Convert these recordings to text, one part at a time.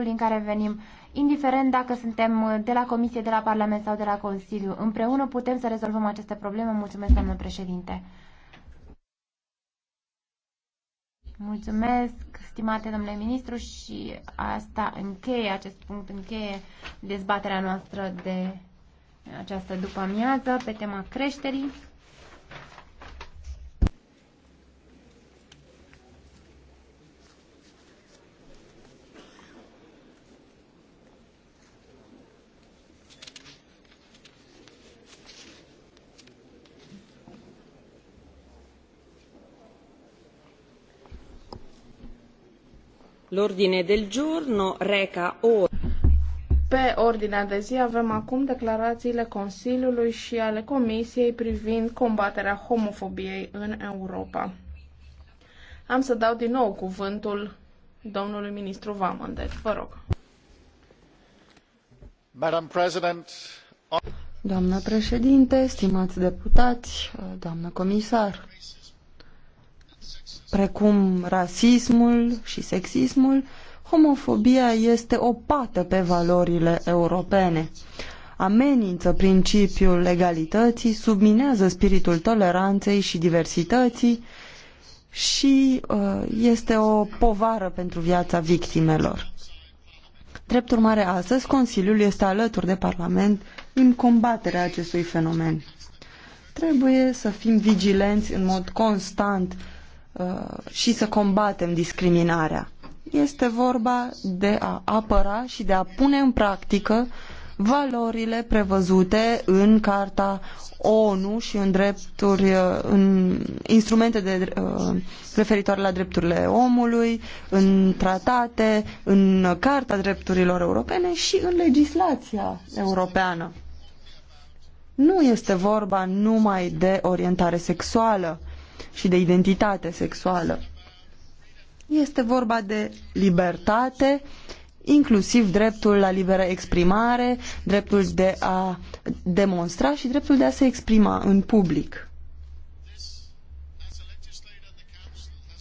din care venim, indiferent dacă suntem uh, de la Comisie, de la Parlament sau de la Consiliu. Împreună putem să rezolvăm aceste probleme. Mulțumesc, doamnă președinte. Mulțumesc, stimate domnule ministru, și asta încheie, acest punct încheie dezbaterea noastră de această după amiază pe tema creșterii. L'ordine del giorno reca o... Pe ordinea de zi avem acum declarațiile Consiliului și ale Comisiei privind combaterea homofobiei în Europa. Am să dau din nou cuvântul domnului ministru Vaman, deci vă rog. Madam President, Doamnă președinte, stimați deputați, doamnă comisar, precum rasismul și sexismul, homofobia este o pată pe valorile europene. Amenință principiul legalității, subminează spiritul toleranței și diversității și uh, este o povară pentru viața victimelor. Drept urmare, astăzi Consiliul este alături de Parlament în combaterea acestui fenomen. Trebuie să fim vigilenți în mod constant Uh, și să combatem discriminarea. Este vorba de a apăra și de a pune în practică valorile prevăzute în Carta ONU și în drepturi, uh, în instrumente de, uh, referitoare la drepturile omului, în tratate, în Carta Drepturilor Europene și în legislația europeană. Nu este vorba numai de orientare sexuală și de identitate sexuală. Este vorba de libertate, inclusiv dreptul la liberă exprimare, dreptul de a demonstra și dreptul de a se exprima în public.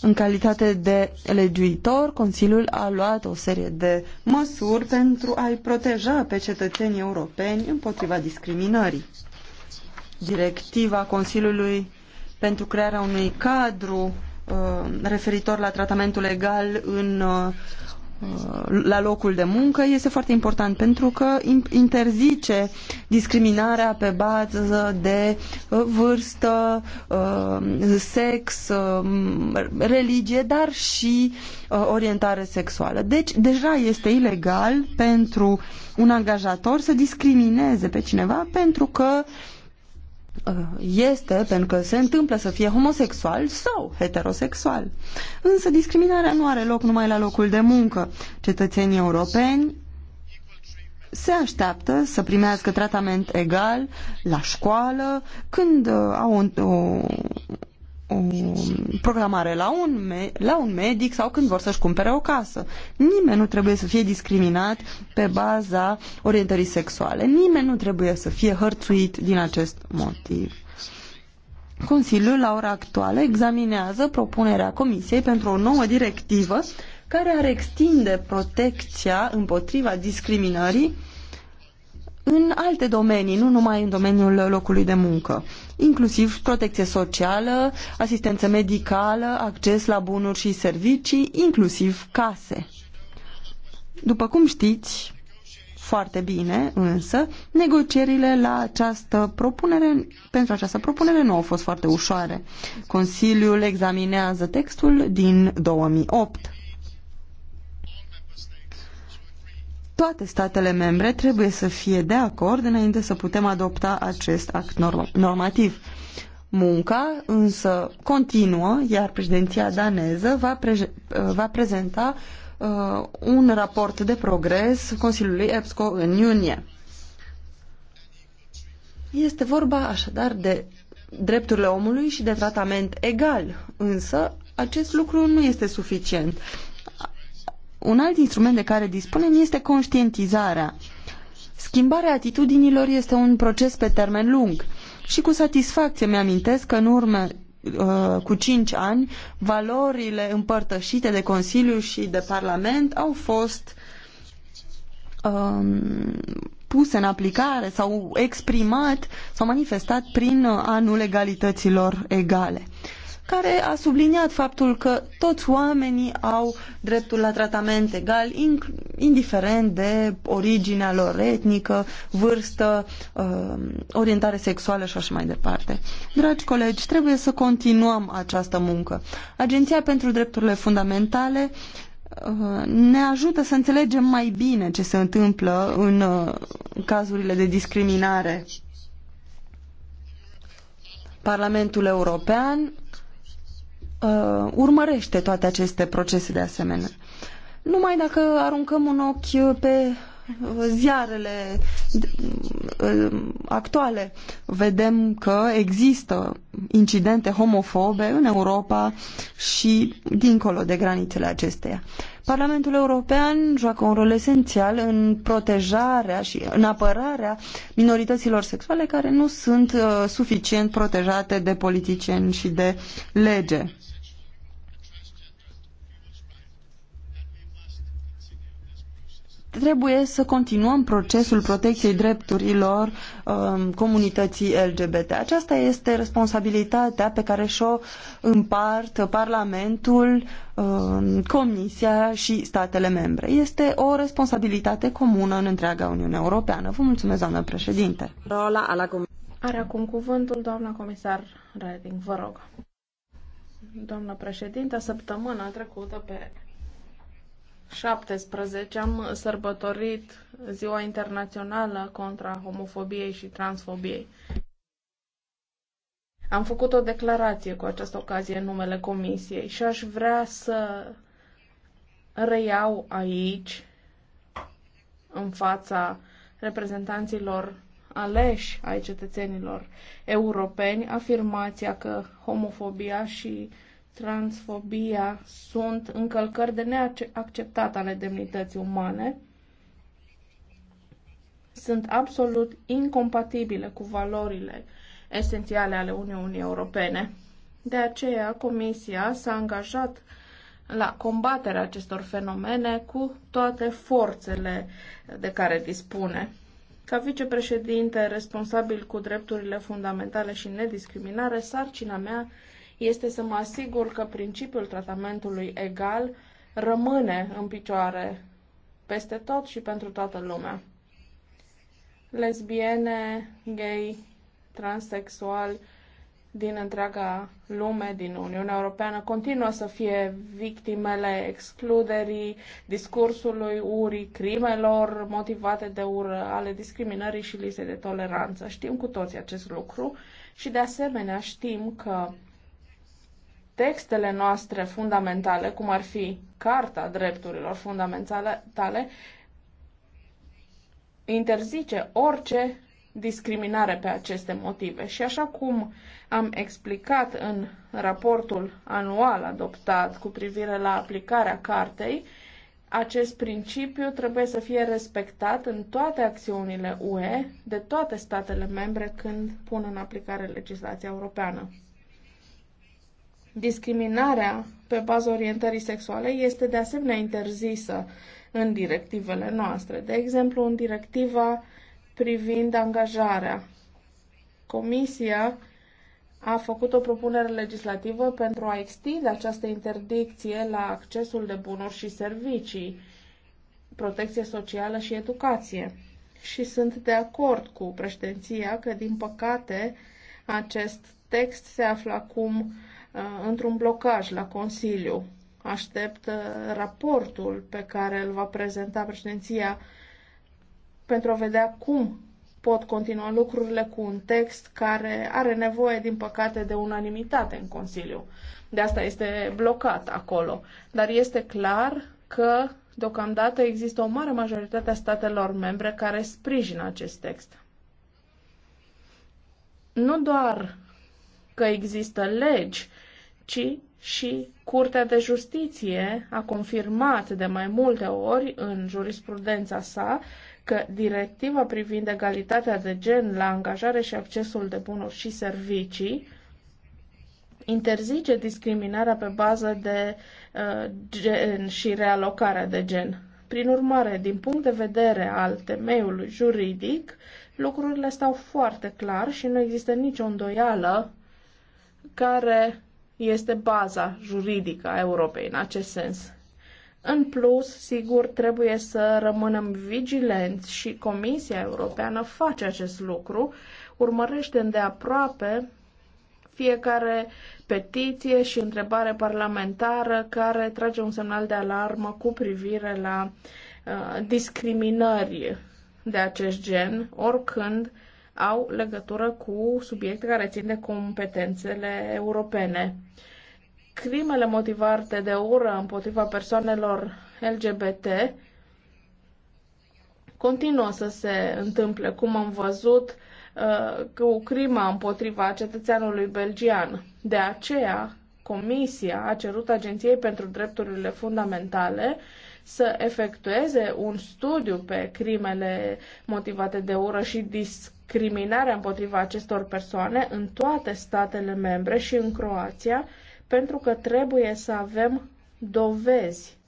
În calitate de legiuitor, Consiliul a luat o serie de măsuri pentru a-i proteja pe cetățenii europeni împotriva discriminării. Directiva Consiliului pentru crearea unui cadru uh, referitor la tratamentul egal în, uh, uh, la locul de muncă este foarte important pentru că interzice discriminarea pe bază de vârstă, sex, religie, dar și orientare sexuală. Deci deja este ilegal pentru un angajator să discrimineze pe cineva pentru că uh, Uh, este pentru că se întâmplă să fie homosexual sau heterosexual. Însă discriminarea nu are loc numai la locul de muncă. Cetățenii europeni se așteaptă să primească tratament egal la școală, când uh, au o, o, programare la un, la un medic sau când vor să-și cumpere o casă. Nimeni nu trebuie să fie discriminat pe baza orientării sexuale. Nimeni nu trebuie să fie hărțuit din acest motiv. Consiliul, la ora actuală, examinează propunerea Comisiei pentru o nouă directivă care ar extinde protecția împotriva discriminării în alte domenii, nu numai în domeniul locului de muncă, inclusiv protecție socială, asistență medicală, acces la bunuri și servicii, inclusiv case. După cum știți foarte bine, însă, negocierile la această propunere, pentru această propunere nu au fost foarte ușoare. Consiliul examinează textul din 2008. toate statele membre trebuie să fie de acord înainte să putem adopta acest act normativ. Munca însă continuă, iar președinția daneză va, preje, va prezenta uh, un raport de progres Consiliului EPSCO în iunie. Este vorba așadar de drepturile omului și de tratament egal, însă acest lucru nu este suficient. Un alt instrument de care dispunem este conștientizarea. Schimbarea atitudinilor este un proces pe termen lung și cu satisfacție mi-amintesc că în urmă uh, cu cinci ani, valorile împărtășite de Consiliu și de Parlament au fost um, puse în aplicare sau exprimat sau manifestat prin uh, anul egalităților egale care a subliniat faptul că toți oamenii au dreptul la tratament egal, indiferent de originea lor etnică, vârstă, um, orientare sexuală și așa mai departe. Dragi colegi, trebuie să continuăm această muncă. Agenția pentru Drepturile Fundamentale uh, ne ajută să înțelegem mai bine ce se întâmplă în uh, cazurile de discriminare. Parlamentul European uh, urmărește toate aceste procese de asemenea. Numai dacă aruncăm un ochi pe uh, ziarele uh, actuale vedem că există incidente homofobe în Europa și dincolo de granițele acesteia. Parlamentul European joacă un rol esențial în protejarea și în apărarea minorităților sexuale care nu sunt uh, suficient protejate de politicieni și de lege. trebuie să continuăm procesul protecției drepturilor um, comunității LGBT. Aceasta este responsabilitatea pe care și-o împart Parlamentul, um, Comisia și statele membre. Este o responsabilitate comună în întreaga Uniune Europeană. Vă mulțumesc, doamnă președinte. Are acum cuvântul doamna comisar Reding, vă rog. Doamnă președinte, săptămâna trecută pe 17 am sărbătorit Ziua Internațională contra Homofobiei și Transfobiei. Am făcut o declarație cu această ocazie în numele Comisiei și aș vrea să reiau aici, în fața reprezentanților aleși ai cetățenilor europeni, afirmația că homofobia și transfobia sunt încălcări de neacceptat ale demnității umane, sunt absolut incompatibile cu valorile esențiale ale Uniunii Europene. De aceea, Comisia s-a angajat la combaterea acestor fenomene cu toate forțele de care dispune. Ca vicepreședinte responsabil cu drepturile fundamentale și nediscriminare, sarcina mea este să mă asigur că principiul tratamentului egal rămâne în picioare peste tot și pentru toată lumea. Lesbiene, gay, transexual din întreaga lume, din Uniunea Europeană, continuă să fie victimele excluderii, discursului urii, crimelor motivate de ură, ale discriminării și lipsei de toleranță. Știm cu toții acest lucru și de asemenea știm că textele noastre fundamentale, cum ar fi Carta Drepturilor Fundamentale, interzice orice discriminare pe aceste motive. Și așa cum am explicat în raportul anual adoptat cu privire la aplicarea cartei, acest principiu trebuie să fie respectat în toate acțiunile UE de toate statele membre când pun în aplicare legislația europeană. Discriminarea pe baza orientării sexuale este de asemenea interzisă în directivele noastre. De exemplu, în directiva privind angajarea. Comisia a făcut o propunere legislativă pentru a extinde această interdicție la accesul de bunuri și servicii, protecție socială și educație. Și sunt de acord cu președinția că, din păcate, acest text se află acum Uh, într-un blocaj la Consiliu. Aștept uh, raportul pe care îl va prezenta președinția pentru a vedea cum pot continua lucrurile cu un text care are nevoie, din păcate, de unanimitate în Consiliu. De asta este blocat acolo. Dar este clar că, deocamdată, există o mare majoritate a statelor membre care sprijină acest text. Nu doar că există legi ci și Curtea de Justiție a confirmat de mai multe ori în jurisprudența sa că directiva privind egalitatea de gen la angajare și accesul de bunuri și servicii interzice discriminarea pe bază de uh, gen și realocarea de gen. Prin urmare, din punct de vedere al temeiului juridic, lucrurile stau foarte clar și nu există nicio îndoială care este baza juridică a Europei în acest sens. În plus, sigur, trebuie să rămânem vigilenți și Comisia Europeană face acest lucru, urmărește îndeaproape fiecare petiție și întrebare parlamentară care trage un semnal de alarmă cu privire la uh, discriminări de acest gen, oricând uh, au legătură cu subiecte care țin de competențele europene. Crimele motivate de ură împotriva persoanelor LGBT continuă să se întâmple, cum am văzut uh, cu crima împotriva cetățeanului belgian. De aceea, Comisia a cerut Agenției pentru Drepturile Fundamentale să efectueze un studiu pe crimele motivate de ură și discriminarea împotriva acestor persoane în toate statele membre și în Croația, pentru că trebuie să avem dovezi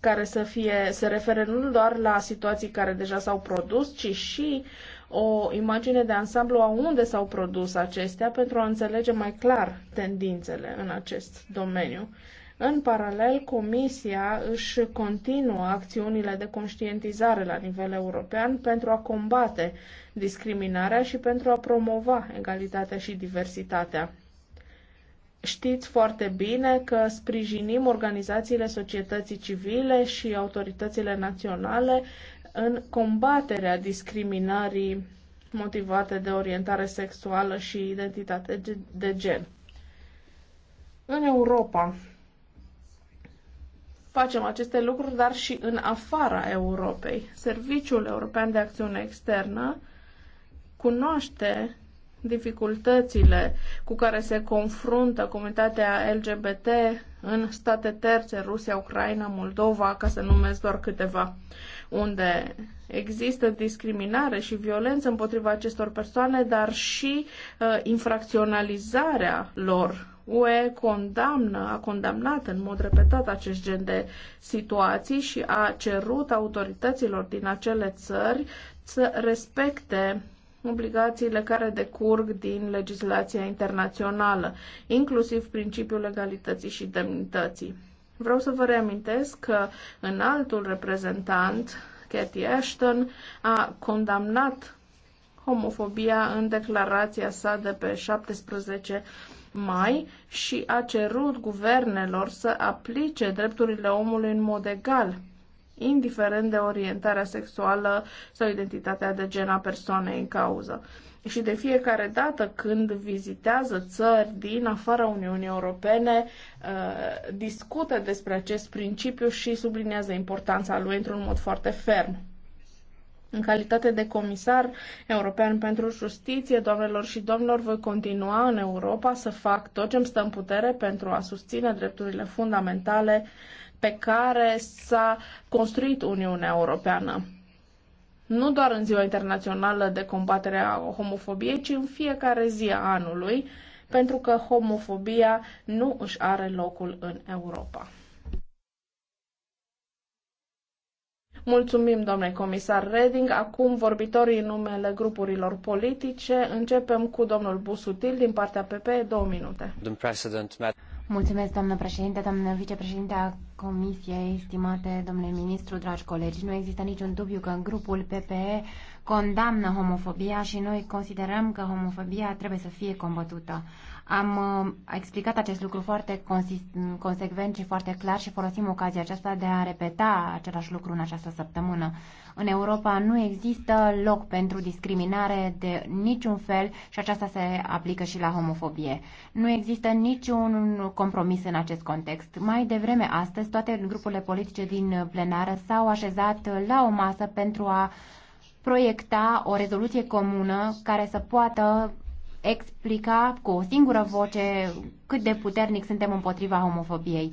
care să fie, se refere nu doar la situații care deja s-au produs, ci și o imagine de ansamblu a unde s-au produs acestea pentru a înțelege mai clar tendințele în acest domeniu. În paralel, Comisia își continuă acțiunile de conștientizare la nivel european pentru a combate discriminarea și pentru a promova egalitatea și diversitatea. Știți foarte bine că sprijinim organizațiile societății civile și autoritățile naționale în combaterea discriminării motivate de orientare sexuală și identitate de gen. În Europa, facem aceste lucruri, dar și în afara Europei. Serviciul European de Acțiune Externă cunoaște dificultățile cu care se confruntă comunitatea LGBT în state terțe, Rusia, Ucraina, Moldova, ca să numesc doar câteva, unde există discriminare și violență împotriva acestor persoane, dar și uh, infracționalizarea lor UE condamnă, a condamnat în mod repetat acest gen de situații și a cerut autorităților din acele țări să respecte obligațiile care decurg din legislația internațională, inclusiv principiul legalității și demnității. Vreau să vă reamintesc că în altul reprezentant, Cathy Ashton, a condamnat homofobia în declarația sa de pe 17 mai și a cerut guvernelor să aplice drepturile omului în mod egal, indiferent de orientarea sexuală sau identitatea de gen a persoanei în cauză. Și de fiecare dată când vizitează țări din afara Uniunii Europene, uh, discută despre acest principiu și subliniază importanța lui într-un mod foarte ferm. În calitate de comisar european pentru justiție, doamnelor și domnilor, voi continua în Europa să fac tot ce îmi stă în putere pentru a susține drepturile fundamentale pe care s-a construit Uniunea Europeană. Nu doar în Ziua Internațională de Combatere a Homofobiei, ci în fiecare zi a anului, pentru că homofobia nu își are locul în Europa. Mulțumim, domnule comisar Reding. Acum vorbitorii în numele grupurilor politice. Începem cu domnul Busutil din partea PP, două minute. Mulțumesc, doamnă președinte, doamnă vicepreședinte a Comisiei, stimate domnule ministru, dragi colegi. Nu există niciun dubiu că grupul PPE condamnă homofobia și noi considerăm că homofobia trebuie să fie combătută. Am uh, explicat acest lucru foarte consecvent și foarte clar și folosim ocazia aceasta de a repeta același lucru în această săptămână. În Europa nu există loc pentru discriminare de niciun fel și aceasta se aplică și la homofobie. Nu există niciun compromis în acest context. Mai devreme astăzi, toate grupurile politice din plenară s-au așezat la o masă pentru a proiecta o rezoluție comună care să poată explica cu o singură voce cât de puternic suntem împotriva homofobiei.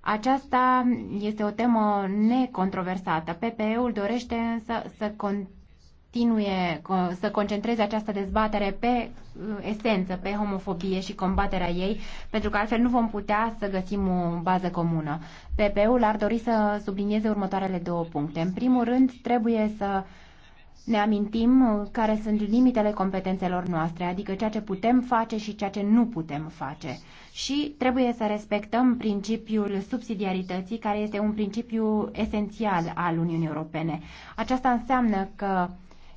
Aceasta este o temă necontroversată. PPE-ul dorește însă să continue, să concentreze această dezbatere pe uh, esență, pe homofobie și combaterea ei, pentru că altfel nu vom putea să găsim o bază comună. PPE-ul ar dori să sublinieze următoarele două puncte. În primul rând, trebuie să uh, ne amintim uh, care sunt limitele competențelor noastre, adică ceea ce putem face și ceea ce nu putem face. Și trebuie să respectăm principiul subsidiarității, care este un principiu esențial al Uniunii Europene. Aceasta înseamnă că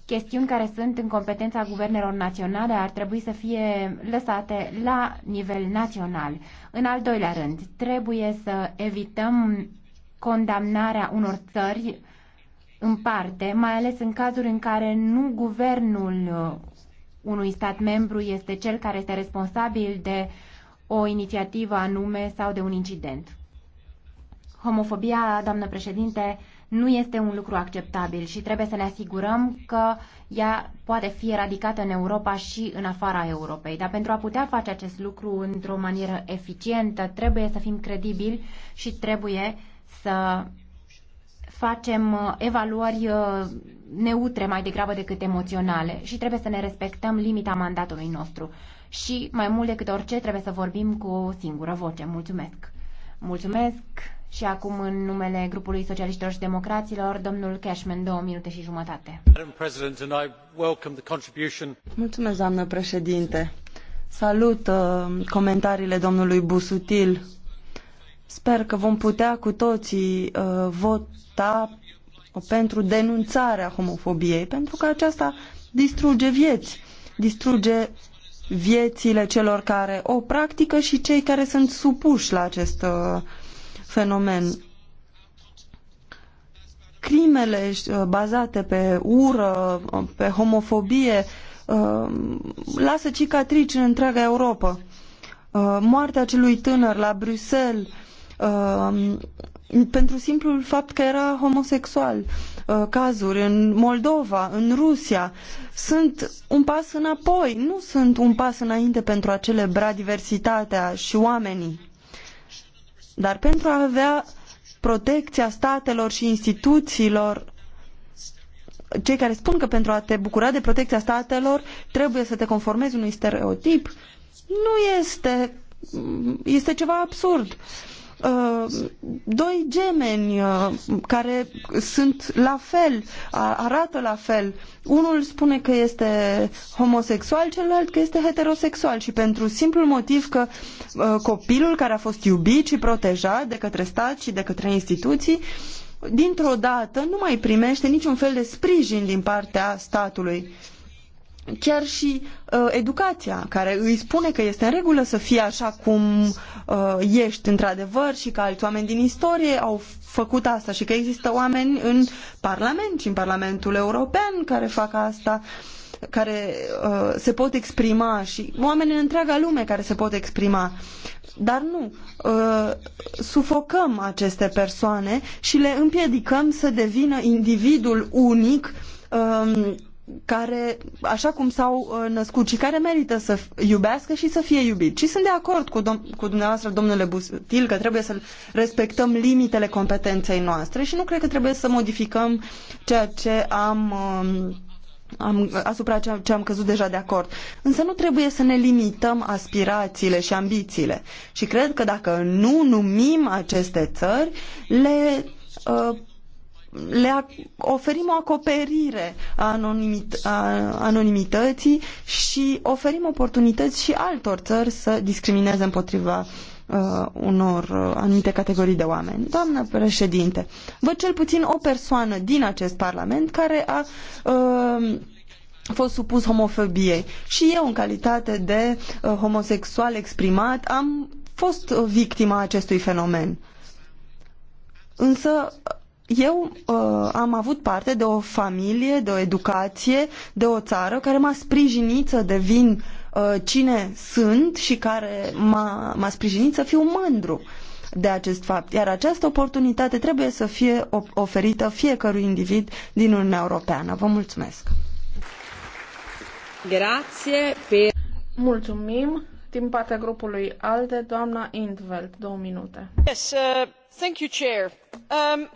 chestiuni care sunt în competența guvernelor naționale ar trebui să fie lăsate la nivel național. În al doilea rând, trebuie să evităm condamnarea unor țări în parte, mai ales în cazuri în care nu guvernul uh, unui stat membru este cel care este responsabil de o inițiativă anume sau de un incident. Homofobia, doamnă președinte, nu este un lucru acceptabil și trebuie să ne asigurăm că ea poate fi eradicată în Europa și în afara Europei. Dar pentru a putea face acest lucru într-o manieră eficientă, trebuie să fim credibili și trebuie să facem uh, evaluări uh, neutre mai degrabă decât emoționale și trebuie să ne respectăm limita mandatului nostru. Și mai mult decât orice trebuie să vorbim cu o singură voce. Mulțumesc! Mulțumesc și acum în numele grupului socialiștilor și democraților, domnul Cashman, două minute și jumătate. Mulțumesc, doamnă președinte. Salut uh, comentariile domnului Busutil Sper că vom putea cu toții uh, vota pentru denunțarea homofobiei, pentru că aceasta distruge vieți, distruge viețile celor care o practică și cei care sunt supuși la acest uh, fenomen. Crimele uh, bazate pe ură, uh, pe homofobie, uh, lasă cicatrici în întreaga Europa. Uh, moartea celui tânăr la Bruxelles, Um, pentru simplul fapt că era homosexual. Uh, cazuri în Moldova, în Rusia, sunt un pas înapoi, nu sunt un pas înainte pentru a celebra diversitatea și oamenii. Dar pentru a avea protecția statelor și instituțiilor cei care spun că pentru a te bucura de protecția statelor trebuie să te conformezi unui stereotip, nu este, este ceva absurd. Uh, doi gemeni uh, care sunt la fel, arată la fel. Unul spune că este homosexual, celălalt că este heterosexual și pentru simplul motiv că uh, copilul care a fost iubit și protejat de către stat și de către instituții dintr-o dată nu mai primește niciun fel de sprijin din partea statului chiar și uh, educația, care îi spune că este în regulă să fie așa cum uh, ești într-adevăr și că alți oameni din istorie au făcut asta și că există oameni în Parlament și în Parlamentul European care fac asta, care uh, se pot exprima și oameni în întreaga lume care se pot exprima. Dar nu, uh, sufocăm aceste persoane și le împiedicăm să devină individul unic uh, care, așa cum s-au uh, născut și care merită să iubească și să fie iubit. Și sunt de acord cu, dom- cu dumneavoastră, domnule Busutil, că trebuie să respectăm limitele competenței noastre și nu cred că trebuie să modificăm ceea ce am, um, am asupra ceea ce am căzut deja de acord. Însă nu trebuie să ne limităm aspirațiile și ambițiile. Și cred că dacă nu numim aceste țări, le uh, le oferim o acoperire a, anonimit, a anonimității și oferim oportunități și altor țări să discrimineze împotriva uh, unor uh, anumite categorii de oameni. Doamnă președinte, văd cel puțin o persoană din acest parlament care a uh, fost supus homofobiei și eu în calitate de uh, homosexual exprimat am fost uh, victima acestui fenomen. Însă eu uh, am avut parte de o familie, de o educație, de o țară care m-a sprijinit să devin uh, cine sunt și care m-a, m-a sprijinit să fiu mândru de acest fapt. Iar această oportunitate trebuie să fie oferită fiecărui individ din Uniunea Europeană. Vă mulțumesc! Grație pe... Mulțumim! Din partea grupului ALDE, doamna Indveld, două minute. Yes, uh, thank you, Chair. Um,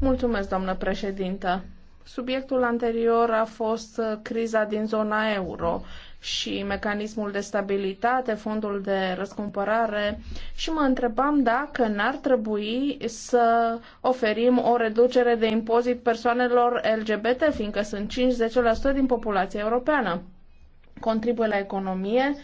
Mulțumesc, doamnă președintă. Subiectul anterior a fost uh, criza din zona euro și mecanismul de stabilitate, fondul de răscumpărare și mă întrebam dacă n-ar trebui să oferim o reducere de impozit persoanelor LGBT, fiindcă sunt 50% din populația europeană. Contribuie la economie,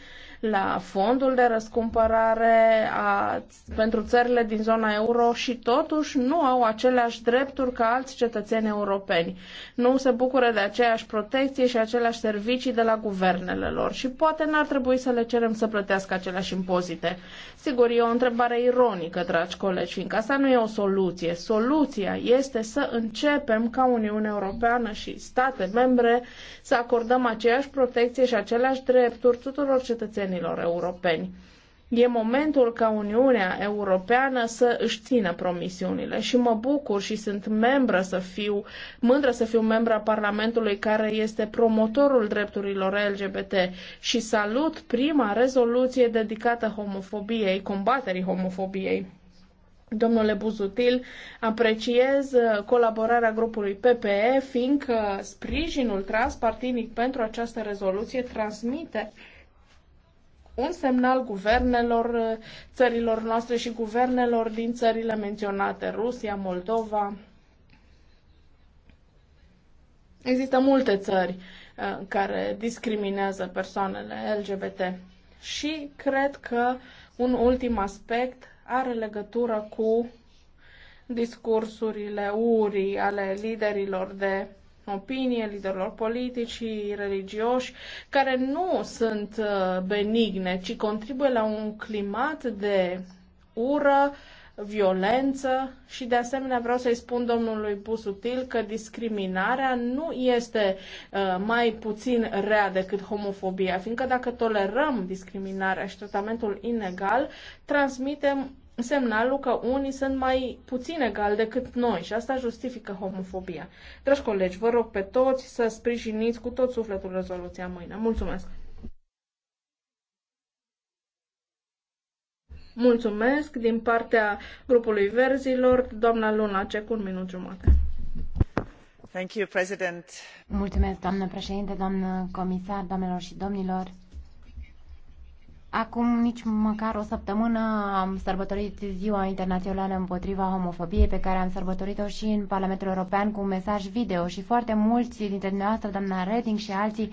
la fondul de răscumpărare a, pentru țările din zona euro și totuși nu au aceleași drepturi ca alți cetățeni europeni. Nu se bucură de aceeași protecție și aceleași servicii de la guvernele lor și poate n-ar trebui să le cerem să plătească aceleași impozite. Sigur, e o întrebare ironică, dragi colegi, fiindcă asta nu e o soluție. Soluția este să începem ca Uniunea Europeană și state membre să acordăm aceeași protecție și aceleași drepturi tuturor cetățenilor cetățenilor europeni. E momentul ca Uniunea Europeană să își țină promisiunile și mă bucur și sunt membră să fiu, mândră să fiu membra Parlamentului care este promotorul drepturilor LGBT și salut prima rezoluție dedicată homofobiei, combaterii homofobiei. Domnule Buzutil, apreciez uh, colaborarea grupului PPE, fiindcă sprijinul transpartinic pentru această rezoluție transmite un semnal guvernelor uh, țărilor noastre și guvernelor din țările menționate, Rusia, Moldova. Există multe țări uh, care discriminează persoanele LGBT. Și cred că un ultim aspect are legătură cu discursurile urii ale liderilor de opinie, liderilor politici religioși, care nu sunt uh, benigne, ci contribuie la un climat de ură, violență și de asemenea vreau să-i spun domnului Busutil că discriminarea nu este uh, mai puțin rea decât homofobia, fiindcă dacă tolerăm discriminarea și tratamentul inegal, transmitem semnalul că unii sunt mai puțin egali decât noi și asta justifică homofobia. Dragi colegi, vă rog pe toți să sprijiniți cu tot sufletul rezoluția mâine. Mulțumesc! Mulțumesc din partea grupului Verzilor, doamna Luna Cec, un minut jumate. Thank you, President. Mulțumesc, doamnă președinte, doamnă comisar, doamnelor și domnilor. Acum nici măcar o săptămână am sărbătorit Ziua Internațională împotriva homofobiei pe care am sărbătorit-o și în Parlamentul European cu un mesaj video și foarte mulți dintre dumneavoastră, doamna Reding și alții,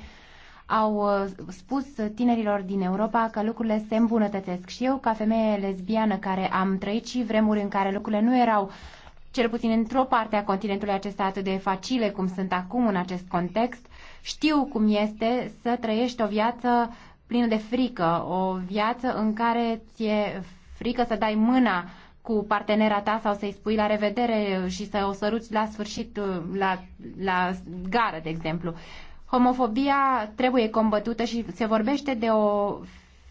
au uh, spus tinerilor din Europa că lucrurile se îmbunătățesc. Și eu, ca femeie lesbiană care am trăit și vremuri în care lucrurile nu erau cel puțin într-o parte a continentului acesta atât de facile cum sunt acum în acest context, știu cum este să trăiești o viață plină de frică, o viață în care ți-e frică să dai mâna cu partenera ta sau să-i spui la revedere și să o săruți la sfârșit, uh, la, la gară, de exemplu. Homofobia trebuie combătută și se vorbește de o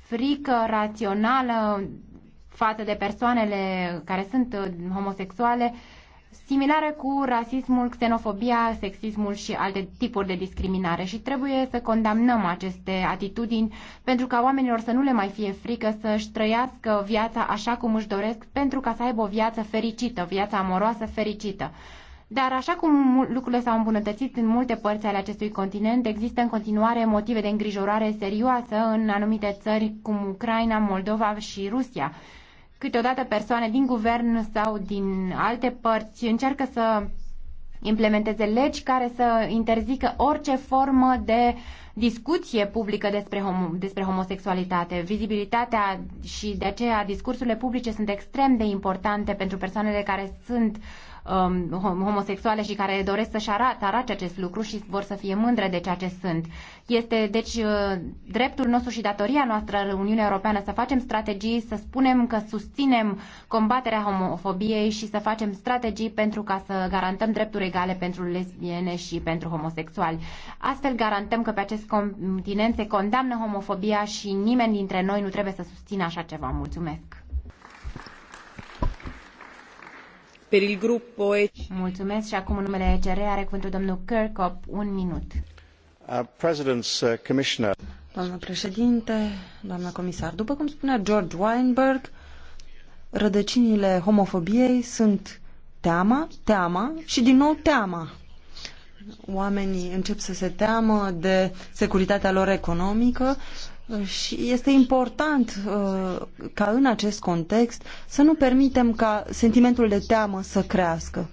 frică rațională față de persoanele care sunt uh, homosexuale similare cu rasismul, xenofobia, sexismul și alte tipuri de discriminare și trebuie să condamnăm aceste atitudini pentru ca oamenilor să nu le mai fie frică să-și trăiască viața așa cum își doresc pentru ca să aibă o viață fericită, viața amoroasă fericită. Dar așa cum lucrurile s-au îmbunătățit în multe părți ale acestui continent, există în continuare motive de îngrijorare serioasă în anumite țări cum Ucraina, Moldova și Rusia câteodată persoane din guvern sau din alte părți încearcă să implementeze legi care să interzică orice formă de discuție publică despre, homo, despre homosexualitate. Vizibilitatea și de aceea discursurile publice sunt extrem de importante pentru persoanele care sunt um, homosexuale și care doresc să-și arate, arate acest lucru și vor să fie mândre de ceea ce sunt. Este, deci, uh, dreptul nostru și datoria noastră, Uniunea Europeană, să facem strategii, să spunem că susținem combaterea homofobiei și să facem strategii pentru ca să garantăm drepturi egale pentru lesbiene și pentru homosexuali. Astfel garantăm că pe acest continent se condamnă homofobia și nimeni dintre noi nu trebuie să susțină așa ceva. Mulțumesc! Per il gruppo Mulțumesc și acum în numele ECR are cuvântul domnul Kirkop, un minut. Uh, uh Doamnă președinte, doamnă comisar, după cum spunea George Weinberg, rădăcinile homofobiei sunt teama, teama și din nou teama. Oamenii încep să se teamă de securitatea lor economică și este important uh, ca în acest context să nu permitem ca sentimentul de teamă să crească.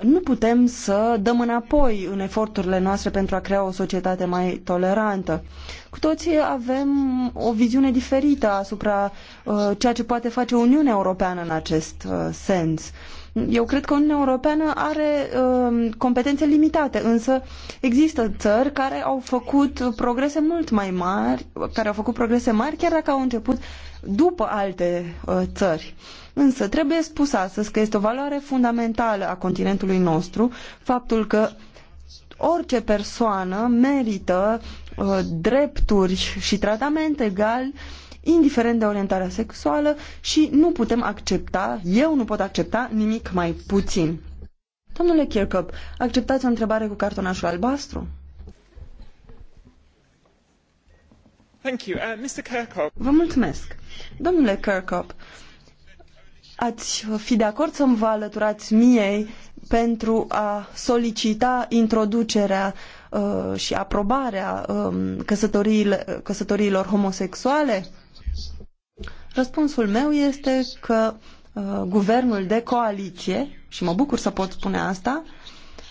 Nu putem să dăm înapoi în eforturile noastre pentru a crea o societate mai tolerantă. Cu toții avem o viziune diferită asupra uh, ceea ce poate face Uniunea Europeană în acest uh, sens. Uh, eu cred că Uniunea Europeană are uh, competențe limitate, însă există țări care au făcut progrese mult mai mari, care au făcut progrese mari chiar dacă au început după alte uh, țări. Însă trebuie spus astăzi că este o valoare fundamentală a continentului nostru faptul că orice persoană merită uh, drepturi și tratament egal uh, indiferent de orientarea sexuală și nu putem accepta, eu nu pot accepta nimic mai puțin. Domnule Kirkup, acceptați o întrebare cu cartonașul albastru? Thank you. Uh, Mr. Kirkhope. Vă mulțumesc. Domnule Kirkup. ați fi de acord să-mi vă alăturați mie pentru a solicita introducerea uh, și aprobarea uh, căsătoriilor homosexuale? Răspunsul meu este că uh, guvernul de coaliție, și mă bucur să pot spune asta,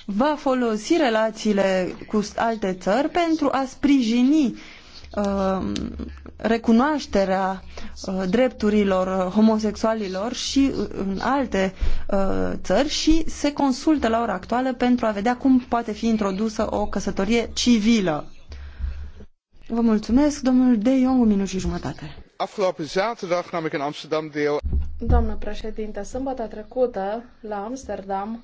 va folosi relațiile cu alte țări pentru a sprijini uh, recunoașterea uh, drepturilor homosexualilor și uh, în alte țări și se consultă la ora actuală pentru a vedea cum poate fi introdusă o căsătorie civilă. Vă mulțumesc, domnul De Jong, un minut și jumătate afgelopen zaterdag nam ik in Amsterdam deel. Doamnă președinte, sâmbătă trecută la Amsterdam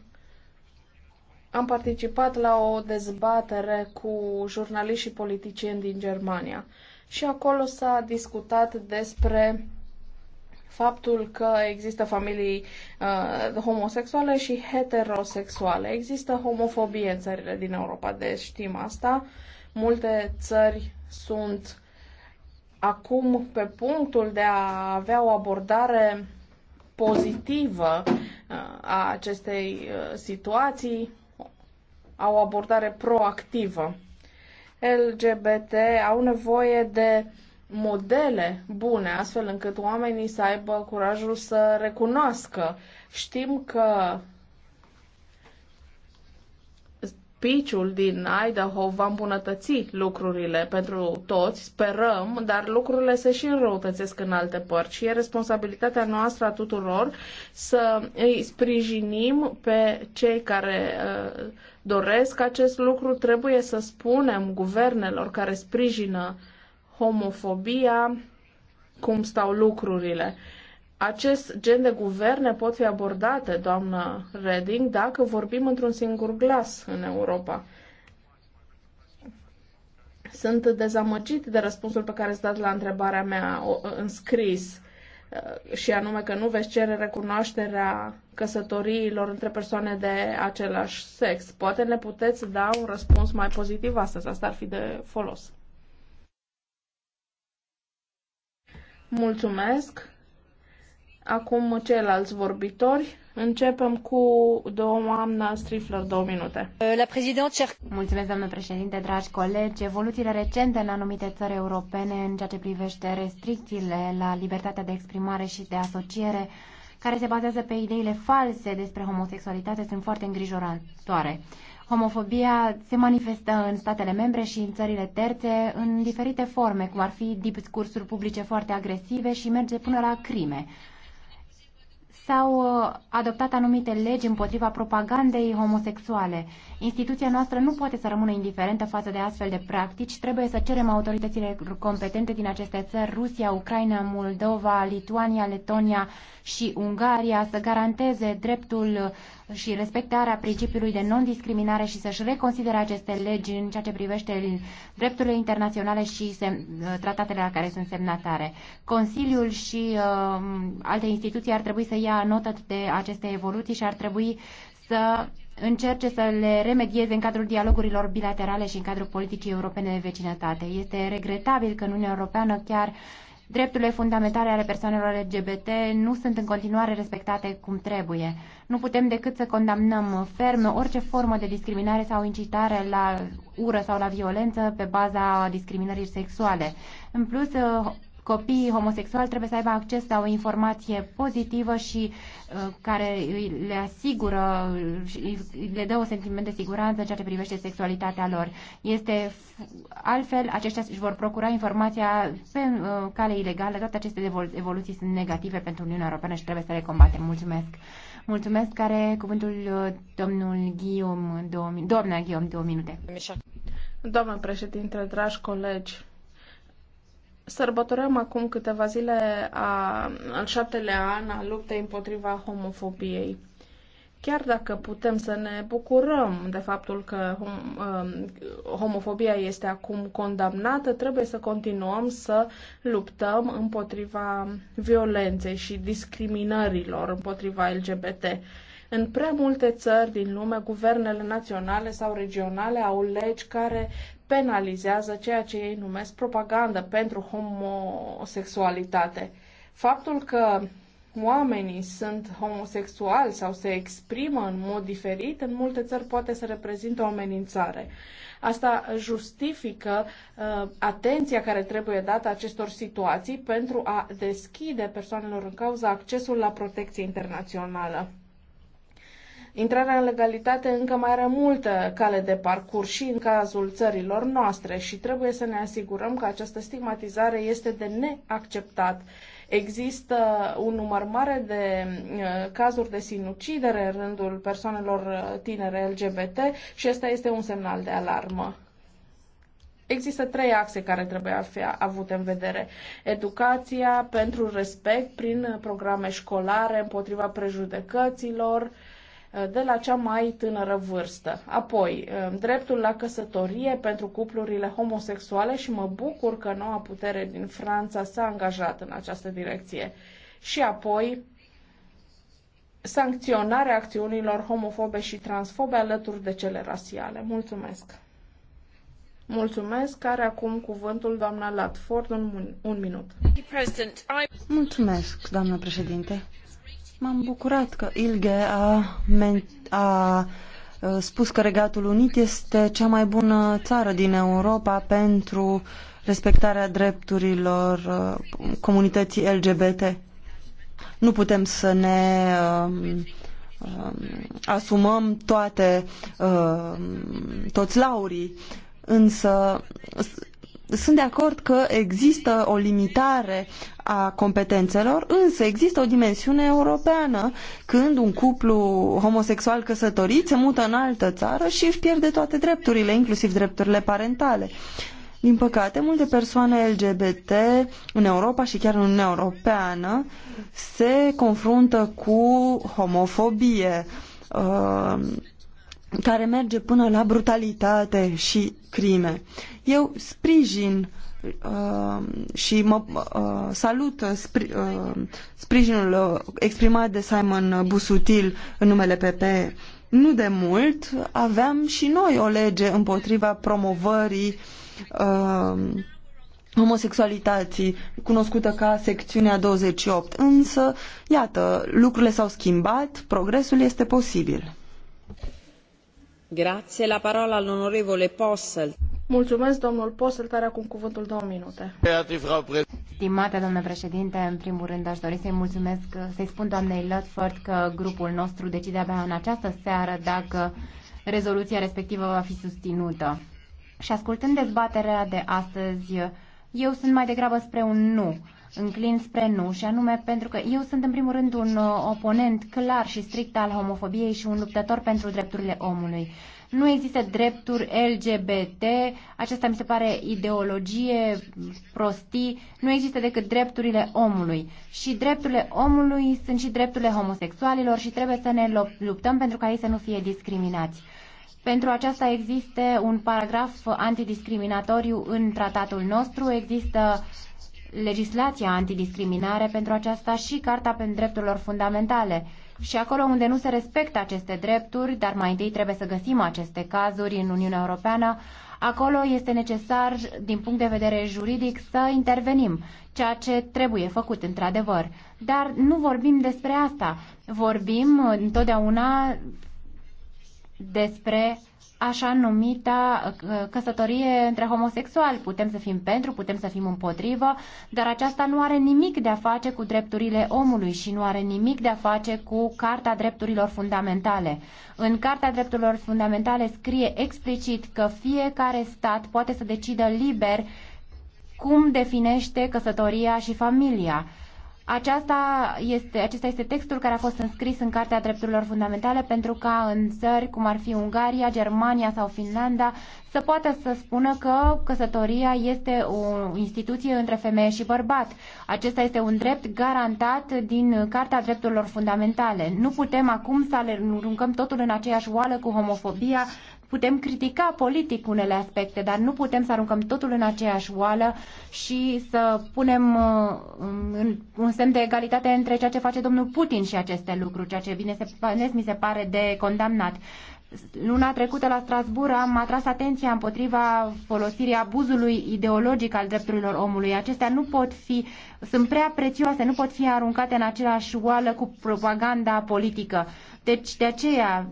am participat la o dezbatere cu jurnaliști și politicieni din Germania și acolo s-a discutat despre faptul că există familii uh, homosexuale și heterosexuale. Există homofobie în țările din Europa, deci știm asta. Multe țări sunt acum pe punctul de a avea o abordare pozitivă uh, a acestei uh, situații, au o abordare proactivă. LGBT au nevoie de modele bune, astfel încât oamenii să aibă curajul să recunoască. Știm că Piciul din Idaho va îmbunătăți lucrurile pentru toți, sperăm, dar lucrurile se și înrăutățesc în alte părți și e responsabilitatea noastră a tuturor să îi sprijinim pe cei care uh, doresc acest lucru. Trebuie să spunem guvernelor care sprijină homofobia cum stau lucrurile acest gen de guverne pot fi abordate, doamnă Reding, dacă vorbim într-un singur glas în Europa. Sunt dezamăgit de răspunsul pe care ați dat la întrebarea mea în scris uh, și anume că nu veți cere recunoașterea căsătoriilor între persoane de același sex. Poate ne puteți da un răspuns mai pozitiv astăzi. Asta ar fi de folos. Mulțumesc. Acum ceilalți vorbitori. Începem cu doamna Strifler, două minute. La președinte... Mulțumesc, doamnă președinte, dragi colegi. Evoluțiile recente în anumite țări europene în ceea ce privește restricțiile la libertatea de exprimare și de asociere care se bazează pe ideile false despre homosexualitate sunt foarte îngrijorătoare. Homofobia se manifestă în statele membre și în țările terțe în diferite forme, cum ar fi discursuri publice foarte agresive și merge până la crime s-au uh, adoptat anumite legi împotriva propagandei homosexuale. Instituția noastră nu poate să rămână indiferentă față de astfel de practici. Trebuie să cerem autoritățile competente din aceste țări, Rusia, Ucraina, Moldova, Lituania, Letonia, și Ungaria să garanteze dreptul și respectarea principiului de non-discriminare și să-și reconsidere aceste legi în ceea ce privește drepturile internaționale și tratatele la care sunt semnatare. Consiliul și uh, alte instituții ar trebui să ia notă de aceste evoluții și ar trebui să încerce să le remedieze în cadrul dialogurilor bilaterale și în cadrul politicii europene de vecinătate. Este regretabil că în Uniunea Europeană chiar Drepturile fundamentale ale persoanelor LGBT nu sunt în continuare respectate cum trebuie. Nu putem decât să condamnăm ferm orice formă de discriminare sau incitare la ură sau la violență pe baza discriminării sexuale. În plus, copiii homosexuali trebuie să aibă acces la o informație pozitivă și uh, care le asigură, le dă un sentiment de siguranță în ceea ce privește sexualitatea lor. Este altfel, aceștia își vor procura informația pe uh, cale ilegală. Toate aceste evoluții sunt negative pentru Uniunea Europeană și trebuie să le combatem. Mulțumesc! Mulțumesc, care cuvântul uh, domnul Ghiom, domnul Ghiom, două minute. Doamna președinte, dragi colegi, Sărbătorăm acum câteva zile a, al șaptelea an a luptei împotriva homofobiei. Chiar dacă putem să ne bucurăm de faptul că hom, um, homofobia este acum condamnată, trebuie să continuăm să luptăm împotriva violenței și discriminărilor împotriva LGBT. În prea multe țări din lume, guvernele naționale sau regionale au legi care penalizează ceea ce ei numesc propagandă pentru homosexualitate. Faptul că oamenii sunt homosexuali sau se exprimă în mod diferit, în multe țări poate să reprezintă o amenințare. Asta justifică uh, atenția care trebuie dată acestor situații pentru a deschide persoanelor în cauză accesul la protecție internațională. Intrarea în legalitate încă mai are multă cale de parcurs și în cazul țărilor noastre și trebuie să ne asigurăm că această stigmatizare este de neacceptat. Există un număr mare de uh, cazuri de sinucidere în rândul persoanelor uh, tinere LGBT și ăsta este un semnal de alarmă. Există trei axe care trebuie a fi avute în vedere. Educația pentru respect prin uh, programe școlare împotriva prejudecăților, uh, de la cea mai tânără vârstă. Apoi, eh, dreptul la căsătorie pentru cuplurile homosexuale și mă bucur că noua putere din Franța s-a angajat în această direcție. Și apoi, sancționarea acțiunilor homofobe și transfobe alături de cele rasiale. Mulțumesc! Mulțumesc, care acum cuvântul doamna Latford un, un minut. Mulțumesc, doamnă președinte. M-am bucurat că Ilge a, a uh, spus că Regatul Unit este cea mai bună țară din Europa pentru respectarea drepturilor uh, comunității LGBT. Nu putem să ne um, um, asumăm toate, uh, toți laurii, însă sunt de acord că există o limitare a competențelor, însă există o dimensiune europeană când un cuplu homosexual căsătorit se mută în altă țară și își pierde toate drepturile, inclusiv drepturile parentale. Din păcate, multe persoane LGBT în Europa și chiar în Uniunea Europeană se confruntă cu homofobie. Uh, care merge până la brutalitate și crime. Eu sprijin uh, și mă uh, salut uh, spri, uh, sprijinul uh, exprimat de Simon Busutil în numele PP. Nu de mult aveam și noi o lege împotriva promovării uh, homosexualității, cunoscută ca secțiunea 28. Însă, iată, lucrurile s-au schimbat, progresul este posibil. Grazie, la parola all'onorevole Posselt. Mulțumesc, domnul Posel, care acum cuvântul două minute. Stimate domnule președinte, în primul rând aș dori să-i mulțumesc, să-i spun doamnei Lutford că grupul nostru decide abia în această seară dacă rezoluția respectivă va fi susținută. Și ascultând dezbaterea de astăzi, eu sunt mai degrabă spre un nu înclin spre nu, și anume pentru că eu sunt în primul rând un uh, oponent clar și strict al homofobiei și un luptător pentru drepturile omului. Nu există drepturi LGBT, aceasta mi se pare ideologie, prostii, nu există decât drepturile omului. Și drepturile omului sunt și drepturile homosexualilor și trebuie să ne luptăm pentru ca ei să nu fie discriminați. Pentru aceasta există un paragraf antidiscriminatoriu în tratatul nostru, există legislația antidiscriminare pentru aceasta și Carta pentru Drepturilor Fundamentale. Și acolo unde nu se respectă aceste drepturi, dar mai întâi trebuie să găsim aceste cazuri în Uniunea Europeană, acolo este necesar, din punct de vedere juridic, să intervenim, ceea ce trebuie făcut într-adevăr. Dar nu vorbim despre asta. Vorbim întotdeauna despre așa numita uh, căsătorie între homosexuali. Putem să fim pentru, putem să fim împotrivă, dar aceasta nu are nimic de a face cu drepturile omului și nu are nimic de a face cu Carta Drepturilor Fundamentale. În Carta Drepturilor Fundamentale scrie explicit că fiecare stat poate să decidă liber cum definește căsătoria și familia. Aceasta este, acesta este textul care a fost înscris în Cartea Drepturilor Fundamentale pentru ca în țări cum ar fi Ungaria, Germania sau Finlanda să poată să spună că căsătoria este o instituție între femeie și bărbat. Acesta este un drept garantat din Cartea Drepturilor Fundamentale. Nu putem acum să le aruncăm totul în aceeași oală cu homofobia, putem critica politic unele aspecte, dar nu putem să aruncăm totul în aceeași oală și să punem uh, un semn de egalitate între ceea ce face domnul Putin și aceste lucruri, ceea ce vine se, mi se pare de condamnat. Luna trecută la Strasbourg am atras atenția împotriva folosirii abuzului ideologic al drepturilor omului. Acestea nu pot fi, sunt prea prețioase, nu pot fi aruncate în aceeași oală cu propaganda politică. Deci, de aceea,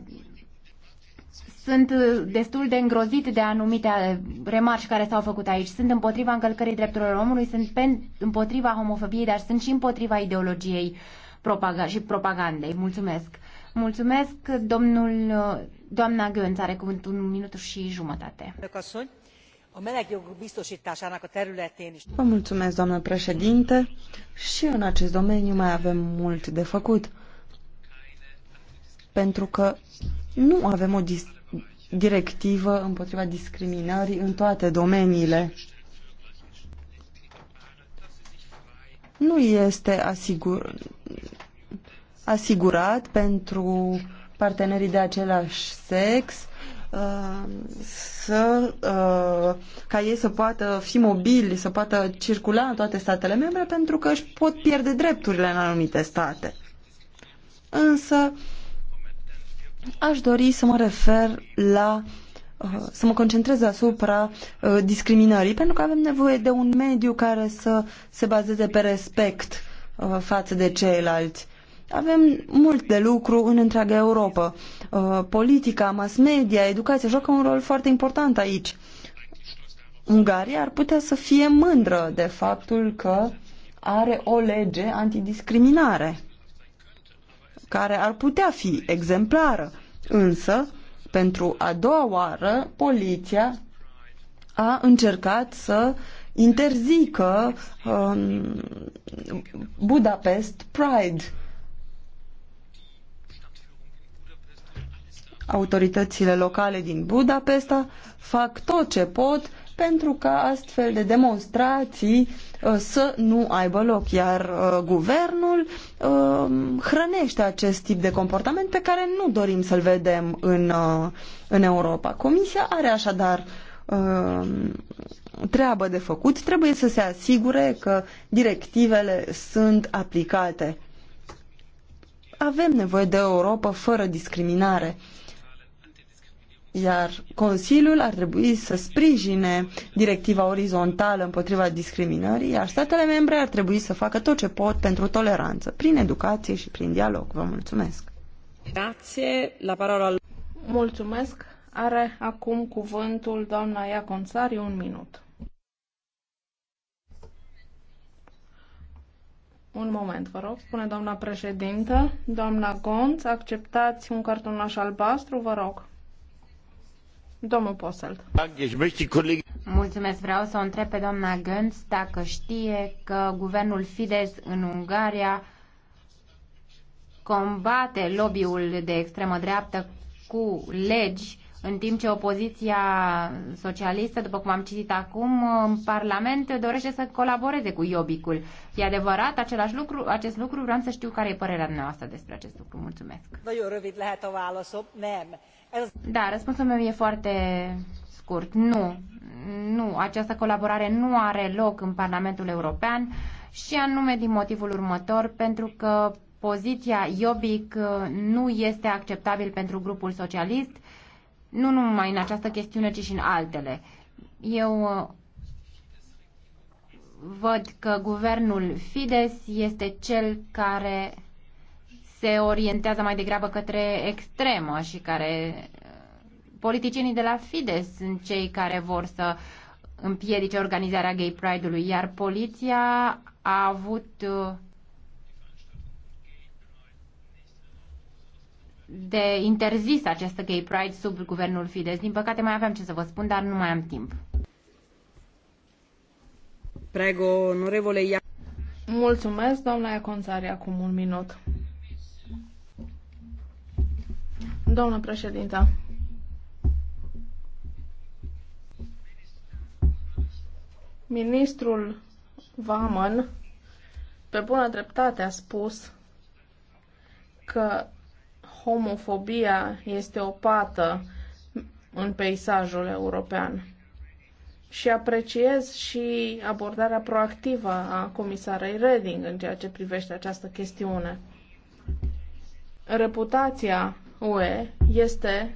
sunt uh, destul de îngrozit de anumite uh, remarci care s-au făcut aici. Sunt împotriva încălcării drepturilor omului, sunt pen, împotriva homofobiei, dar sunt și împotriva ideologiei propaga- și propagandei. Mulțumesc! Mulțumesc, domnul, uh, doamna Gönț are cuvântul un minut și jumătate. Vă mulțumesc, doamnă președinte. Și în acest domeniu mai avem mult de făcut. Pentru că nu avem o dis directivă împotriva discriminării în toate domeniile. Nu este asigur... asigurat pentru partenerii de același sex uh, să, uh, ca ei să poată fi mobili, să poată circula în toate statele membre pentru că își pot pierde drepturile în anumite state. Însă Aș dori să mă refer la uh, să mă concentrez asupra uh, discriminării, pentru că avem nevoie de un mediu care să se bazeze pe respect uh, față de ceilalți. Avem mult de lucru în întreaga Europa. Politica, mass media, educația joacă un rol foarte important aici. Ungaria ar putea să fie mândră de faptul că are o lege antidiscriminare care ar putea fi exemplară. Însă, pentru a doua oară, poliția a încercat să interzică um, Budapest Pride. Autoritățile locale din Budapesta fac tot ce pot pentru ca astfel de demonstrații uh, să nu aibă loc, iar uh, guvernul uh, hrănește acest tip de comportament pe care nu dorim să-l vedem în, în Europa. Comisia are așadar treabă de făcut, trebuie să se asigure că directivele sunt aplicate. Avem nevoie de Europa fără discriminare iar Consiliul ar trebui să sprijine directiva orizontală împotriva discriminării, iar statele membre ar trebui să facă tot ce pot pentru toleranță, prin educație și prin dialog. Vă mulțumesc! Grație, la parola... Mulțumesc! Are acum cuvântul doamna Iaconțari, un minut. Un moment, vă rog, spune doamna președintă. Doamna Gonț, acceptați un cartonaș albastru, vă rog. Domnul Posselt. Mulțumesc, vreau să o întreb pe doamna Gânț dacă știe că guvernul Fidesz în Ungaria combate lobby-ul de extremă dreaptă cu legi, în timp ce opoziția socialistă, după cum am citit acum, în Parlament dorește să colaboreze cu Iobicul. E adevărat același lucru, acest lucru? Vreau să știu care e părerea noastră despre acest lucru. Mulțumesc. Nagyon rövid lehet a válaszom. Nem. Da, răspunsul meu e foarte scurt. Nu, nu, această colaborare nu are loc în Parlamentul European și anume din motivul următor, pentru că poziția Iobic uh, nu este acceptabil pentru grupul socialist, nu numai în această chestiune, ci și în altele. Eu uh, văd că guvernul Fides este cel care se orientează mai degrabă către extremă și care politicienii de la Fides sunt cei care vor să împiedice organizarea Gay Pride-ului, iar poliția a avut uh, de interzis această Gay Pride sub guvernul Fides. Din păcate mai aveam ce să vă spun, dar nu mai am timp. Prego, onorevole Ia. Mulțumesc, doamna Iaconțari, acum un minut. Doamnă președintă, ministrul Vaman pe bună dreptate a spus că homofobia este o pată în peisajul european. Și apreciez și abordarea proactivă a comisarei Reding în ceea ce privește această chestiune. Reputația UE este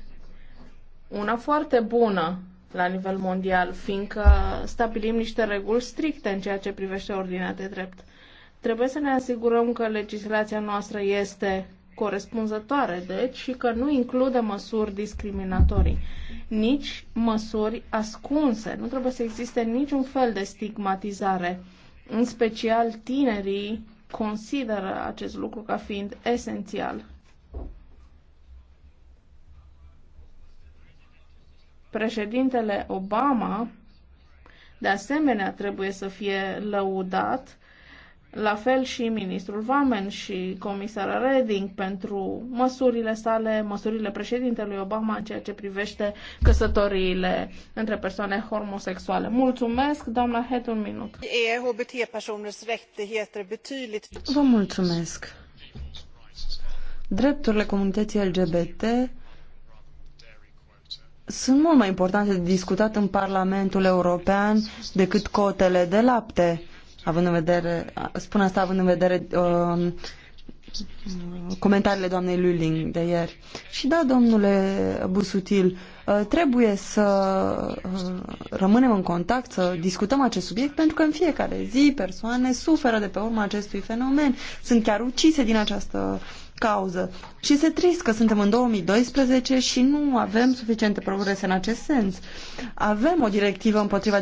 una foarte bună la nivel mondial, fiindcă stabilim niște reguli stricte în ceea ce privește ordinea de drept. Trebuie să ne asigurăm că legislația noastră este corespunzătoare, deci, și că nu include măsuri discriminatorii, nici măsuri ascunse. Nu trebuie să existe niciun fel de stigmatizare. În special, tinerii consideră acest lucru ca fiind esențial Președintele Obama, de asemenea, trebuie să fie lăudat, la fel și ministrul Vamen și comisara Reding pentru măsurile sale, măsurile președintelui Obama în ceea ce privește căsătoriile între persoane homosexuale. Mulțumesc, doamna Head, un minut. Vă mulțumesc. Drepturile comunității LGBT sunt mult mai importante de discutat în Parlamentul European decât cotele de lapte, având în vedere, spun asta având în vedere uh, comentariile doamnei Luling de ieri. Și da, domnule Busutil, uh, trebuie să uh, rămânem în contact, să discutăm acest subiect, pentru că în fiecare zi persoane suferă de pe urma acestui fenomen, sunt chiar ucise din această cauză. Și este trist că suntem în 2012 și nu avem suficiente progrese în acest sens. Avem o directivă împotriva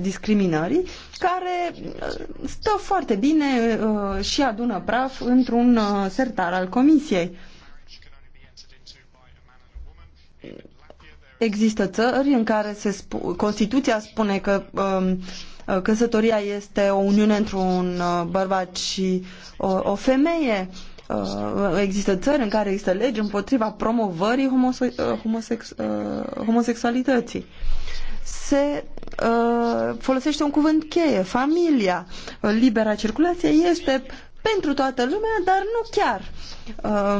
discriminării care uh, stă foarte bine uh, și adună praf într-un uh, sertar al Comisiei. Există țări în care se sp- Constituția spune că um, căsătoria este o uniune într-un bărbat și o, o femeie. Uh, Uh, există țări în care există legi împotriva promovării homose uh, homosex uh, homosexualității. Se uh, folosește un cuvânt cheie, familia. Libera circulație este pentru toată lumea, dar nu chiar.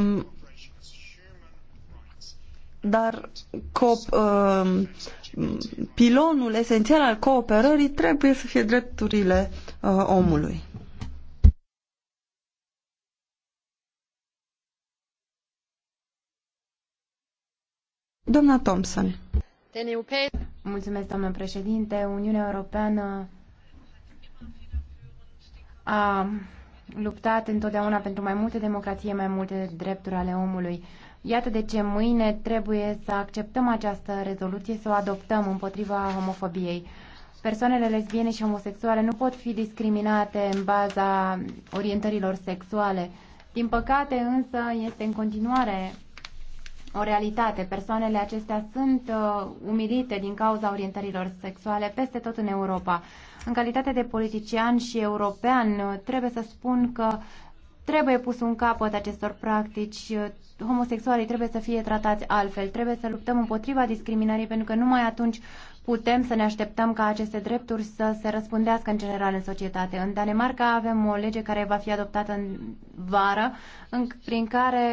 Um, dar cop, uh, um, pilonul esențial al cooperării trebuie să fie drepturile uh, omului. Doamna Thompson. Mulțumesc, doamnă președinte. Uniunea Europeană a luptat întotdeauna pentru mai multe democrație, mai multe drepturi ale omului. Iată de ce mâine trebuie să acceptăm această rezoluție, să o adoptăm împotriva homofobiei. Persoanele lesbiene și homosexuale nu pot fi discriminate în baza orientărilor sexuale. Din păcate, însă, este în continuare o realitate. Persoanele acestea sunt uh, umilite din cauza orientărilor sexuale peste tot în Europa. În calitate de politician și european, uh, trebuie să spun că trebuie pus un capăt acestor practici. Uh, homosexualii trebuie să fie tratați altfel. Trebuie să luptăm împotriva discriminării, pentru că numai atunci putem să ne așteptăm ca aceste drepturi să se răspundească în general în societate. În Danemarca avem o lege care va fi adoptată în vară, în, prin care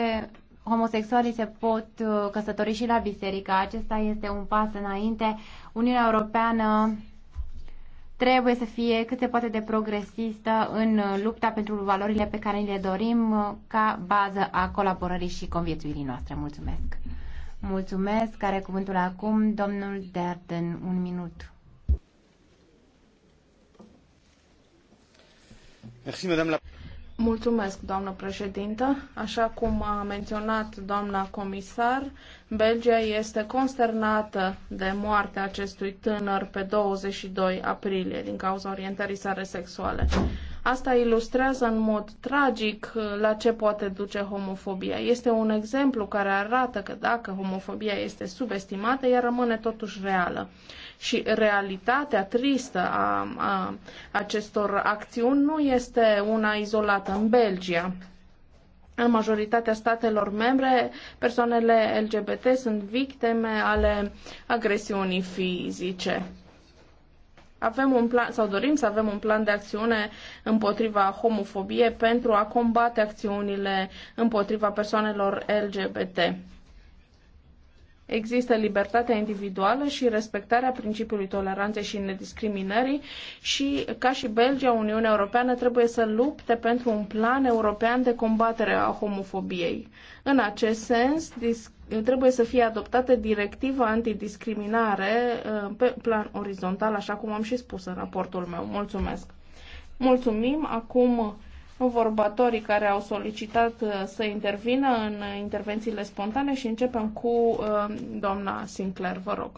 homosexualii se pot uh, căsători și la biserică. Acesta este un pas înainte. Uniunea Europeană trebuie să fie cât se poate de progresistă în uh, lupta pentru valorile pe care le dorim uh, ca bază a colaborării și conviețuirii noastre. Mulțumesc! Mulțumesc! Care cuvântul acum, domnul Derden, un minut. Mulțumesc, Mulțumesc, doamnă președintă. Așa cum a menționat doamna comisar, Belgia este consternată de moartea acestui tânăr pe 22 aprilie din cauza orientării sale sexuale. Asta ilustrează în mod tragic la ce poate duce homofobia. Este un exemplu care arată că dacă homofobia este subestimată, ea rămâne totuși reală. Și realitatea tristă a, a acestor acțiuni nu este una izolată în Belgia. În majoritatea statelor membre, persoanele LGBT sunt victime ale agresiunii fizice avem un plan sau dorim să avem un plan de acțiune împotriva homofobiei pentru a combate acțiunile împotriva persoanelor LGBT. Există libertatea individuală și respectarea principiului toleranței și nediscriminării și, ca și Belgia, Uniunea Europeană trebuie să lupte pentru un plan european de combatere a homofobiei. În acest sens, trebuie să fie adoptată directiva antidiscriminare uh, pe plan orizontal, așa cum am și spus în raportul meu. Mulțumesc! Mulțumim! Acum vorbatorii care au solicitat uh, să intervină în intervențiile spontane și începem cu uh, doamna Sinclair, vă rog.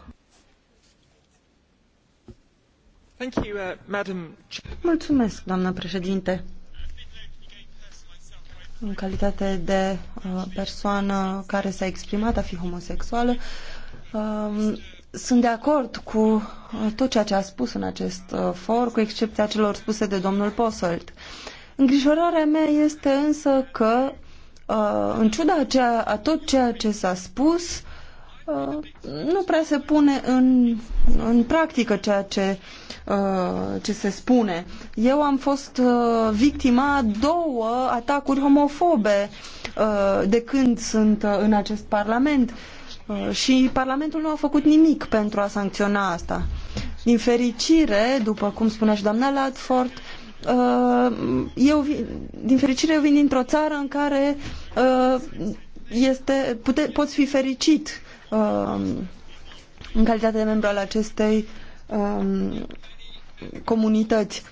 Uh, Mulțumesc, doamna președinte. În calitate de persoană care s-a exprimat a fi homosexuală, um, sunt de acord cu tot ceea ce a spus în acest for, cu excepția celor spuse de domnul Posselt. Îngrijorarea mea este însă că, uh, în ciuda ceea, a tot ceea ce s-a spus, uh, nu prea se pune în, în practică ceea ce, uh, ce se spune. Eu am fost victima două atacuri homofobe de când sunt în acest parlament și Parlamentul nu a făcut nimic pentru a sancționa asta. Din fericire, după cum spunea și doamna Latford, Uh, eu, din fericire, eu vin dintr-o țară în care uh, este, pute, poți fi fericit uh, în calitate de membru al acestei um, comunități.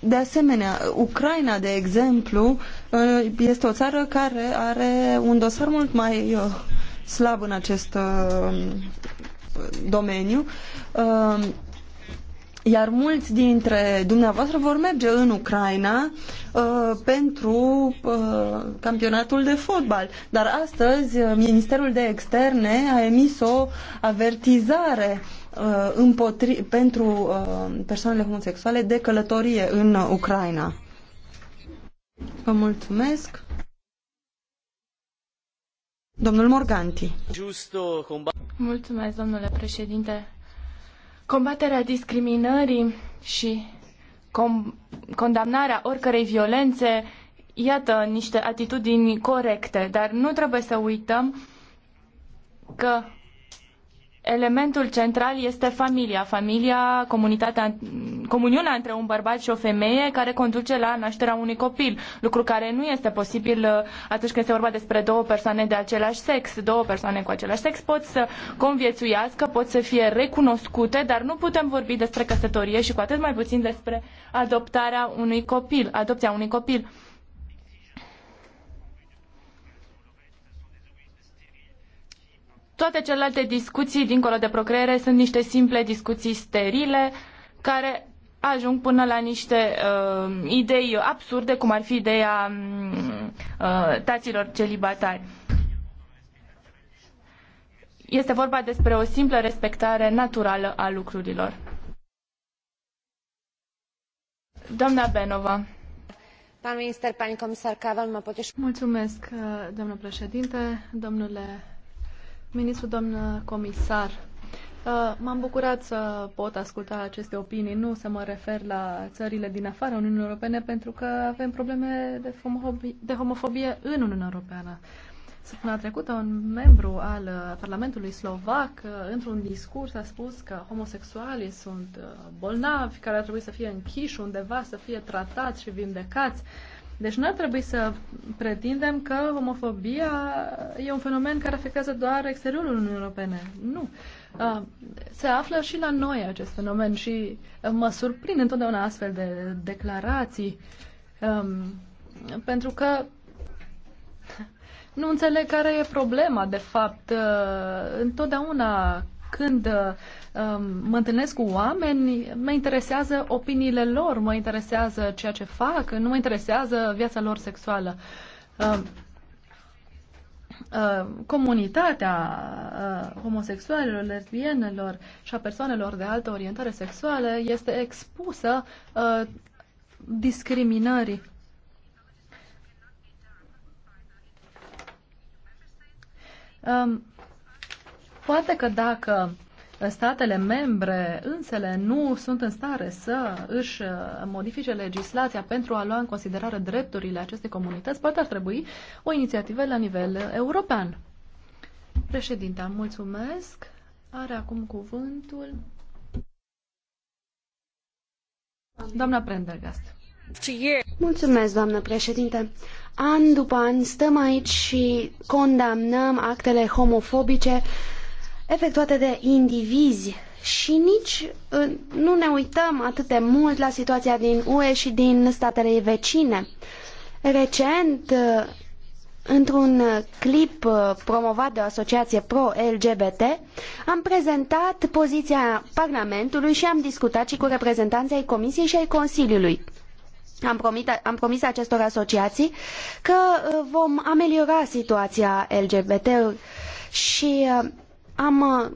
De asemenea, Ucraina, de exemplu, este o țară care are un dosar mult mai slab în acest domeniu. Iar mulți dintre dumneavoastră vor merge în Ucraina uh, pentru uh, campionatul de fotbal. Dar astăzi uh, Ministerul de Externe a emis o avertizare uh, împotri pentru uh, persoanele homosexuale de călătorie în Ucraina. Vă mulțumesc. Domnul Morganti. Mulțumesc, domnule președinte Combaterea discriminării și condamnarea oricărei violențe, iată niște atitudini corecte, dar nu trebuie să uităm că elementul central este familia. Familia, comunitatea, comuniunea între un bărbat și o femeie care conduce la nașterea unui copil, lucru care nu este posibil uh, atunci când este vorba despre două persoane de același sex. Două persoane cu același sex pot să conviețuiască, pot să fie recunoscute, dar nu putem vorbi despre căsătorie și cu atât mai puțin despre adoptarea unui copil, adopția unui copil. Toate celelalte discuții, dincolo de procreere, sunt niște simple discuții sterile care ajung până la niște uh, idei absurde, cum ar fi ideea mm, uh, taților celibatari. Este vorba despre o simplă respectare naturală a lucrurilor. Doamna Benova. Pan minister, pani comisar Caval, mă potești. Mulțumesc, uh, doamnă președinte, domnule Ministru, domn comisar, uh, m-am bucurat să pot asculta aceste opinii, nu să mă refer la țările din afara Uniunii Europene, pentru că avem probleme de homofobie în Uniunea Europeană. Săptămâna trecută, un membru al uh, Parlamentului Slovac, uh, într-un discurs, a spus că homosexualii sunt bolnavi, care ar trebui să fie închiși undeva, să fie tratați și vindecați. Uh, deci nu ar trebui să pretindem că homofobia e un fenomen care afectează doar exteriorul Uniunii Europene. Nu. Se află și la noi acest fenomen și mă surprind întotdeauna astfel de declarații um, pentru că nu înțeleg care e problema, de fapt. Uh, întotdeauna când uh, um, mă întâlnesc cu oameni, mă interesează opiniile lor, mă interesează ceea ce fac, nu mă interesează viața lor sexuală. Um, uh, comunitatea uh, homosexualilor, lesbienelor și a persoanelor de altă orientare sexuală este expusă discriminării. Um, Poate că dacă statele membre însele nu sunt în stare să își uh, modifice legislația pentru a lua în considerare drepturile acestei comunități, poate ar trebui o inițiativă la nivel european. Președinta, mulțumesc. Are acum cuvântul doamna Prendergast. Mulțumesc, doamnă președinte. An după an stăm aici și condamnăm actele homofobice efectuate de indivizi și nici uh, nu ne uităm atât de mult la situația din UE și din statele vecine. Recent, uh, într-un clip uh, promovat de o asociație pro-LGBT, am prezentat poziția Parlamentului și am discutat și cu reprezentanții ai Comisiei și ai Consiliului. Am, promit, am promis acestor asociații că vom ameliora situația LGBT și am uh,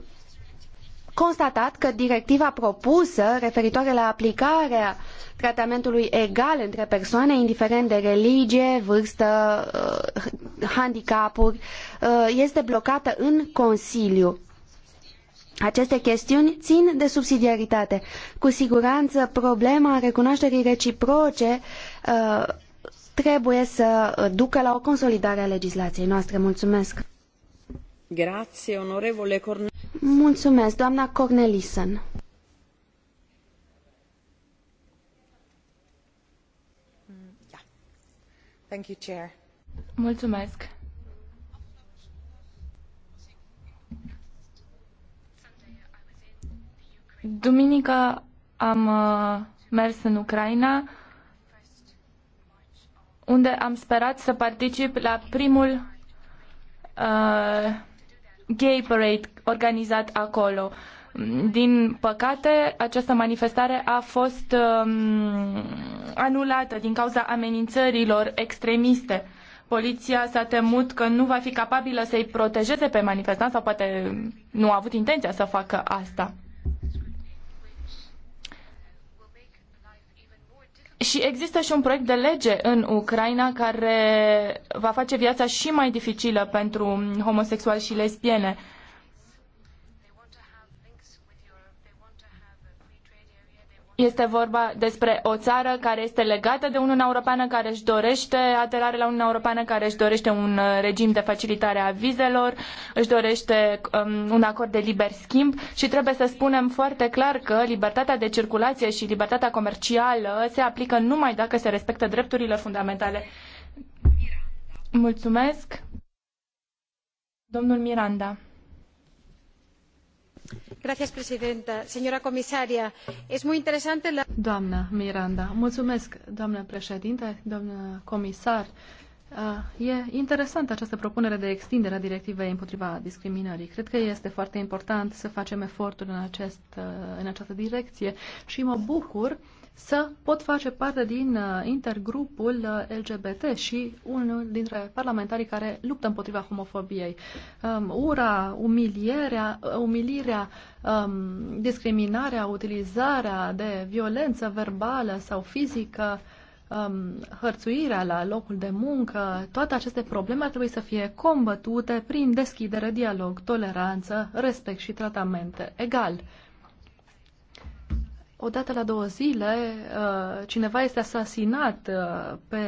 constatat că directiva propusă referitoare la aplicarea tratamentului egal între persoane, indiferent de religie, vârstă, uh, handicapuri, uh, este blocată în Consiliu. Aceste chestiuni țin de subsidiaritate. Cu siguranță, problema recunoașterii reciproce trebuie să ducă la o consolidare a legislației noastre. Mulțumesc! Grazie, onorevole Cornel. Mulțumesc, doamna Cornelison. Thank you, Chair. Mulțumesc. Duminică am uh, mers în Ucraina, unde am sperat să particip la primul uh, gay parade organizat acolo. Din păcate, această manifestare a fost um, anulată din cauza amenințărilor extremiste. Poliția s-a temut că nu va fi capabilă să-i protejeze pe manifestanți sau poate nu a avut intenția să facă asta. Și există și un proiect de lege în Ucraina care va face viața și mai dificilă pentru homosexuali și lesbiene. Este vorba despre o țară care este legată de Uniunea Europeană, care își dorește aderare la Uniunea Europeană, care își dorește un uh, regim de facilitare a vizelor, își dorește um, un acord de liber schimb și trebuie să spunem foarte clar că libertatea de circulație și libertatea comercială se aplică numai dacă se respectă drepturile fundamentale. Mulțumesc. Domnul Miranda. Gracias, presidenta. Señora comisaria, es muy interesante la... Doamna Miranda, mulțumesc, doamnă președinte, doamnă comisar. Ah, e interesantă această propunere de extindere a directivei împotriva discriminării. Cred că este foarte important să facem eforturi în, acest, în această direcție și mă bucur uh, să pot face parte din uh, intergrupul uh, LGBT și unul dintre parlamentarii care luptă împotriva homofobiei. Um, ura, umilierea, uh, umilirea, um, discriminarea, utilizarea de violență verbală sau fizică, um, hărțuirea la locul de muncă, toate aceste probleme ar trebui să fie combătute prin deschidere, dialog, toleranță, respect și tratamente egal odată la două zile uh, cineva este asasinat uh, pe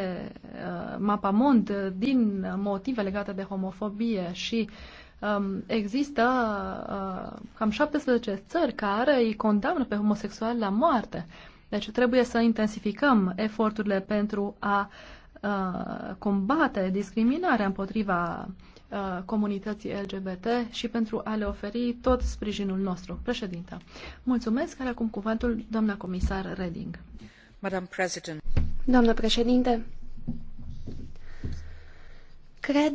uh, Mapamond din motive legate de homofobie și um, există cam 17 țări care îi condamnă pe homosexuali la moarte. Deci trebuie să intensificăm eforturile pentru a combate discriminarea împotriva Uh, comunității LGBT și pentru a le oferi tot sprijinul nostru. Președinte, mulțumesc, care acum cuvântul doamna comisar Reding. Madam President. Doamnă președinte, cred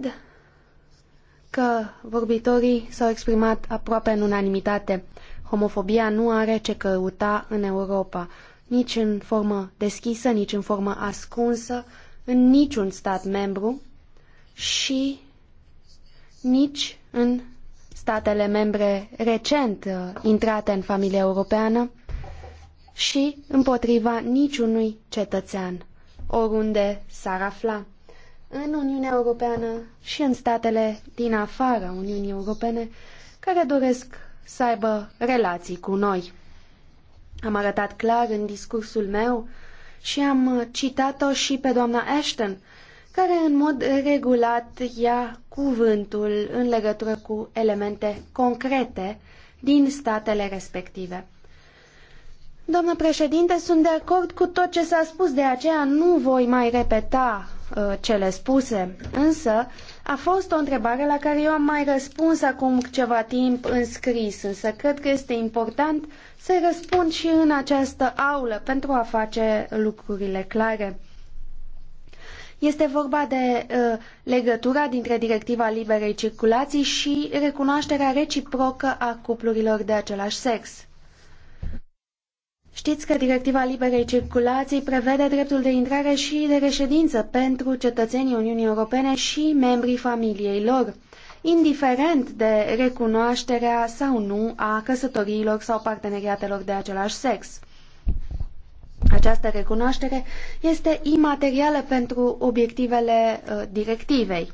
că vorbitorii s-au exprimat aproape în unanimitate. Homofobia nu are ce căuta în Europa, nici în formă deschisă, nici în formă ascunsă, în niciun stat membru și nici în statele membre recent uh, intrate în familia europeană și împotriva niciunui cetățean, oriunde s-ar afla. În Uniunea Europeană și în statele din afara Uniunii Europene care doresc să aibă relații cu noi. Am arătat clar în discursul meu și am citat-o și pe doamna Ashton, care în mod regulat ia cuvântul în legătură cu elemente concrete din statele respective. Doamnă președinte, sunt de acord cu tot ce s-a spus, de aceea nu voi mai repeta uh, cele spuse, însă a fost o întrebare la care eu am mai răspuns acum ceva timp în scris, însă cred că este important să răspund și în această aulă pentru a face lucrurile clare. Este vorba de uh, legătura dintre directiva liberei circulații și recunoașterea reciprocă a cuplurilor de același sex. Știți că directiva liberei circulații prevede dreptul de intrare și de reședință pentru cetățenii Uniunii Europene și membrii familiei lor, indiferent de recunoașterea sau nu a căsătoriilor sau parteneriatelor de același sex. Această recunoaștere este imaterială pentru obiectivele uh, directivei.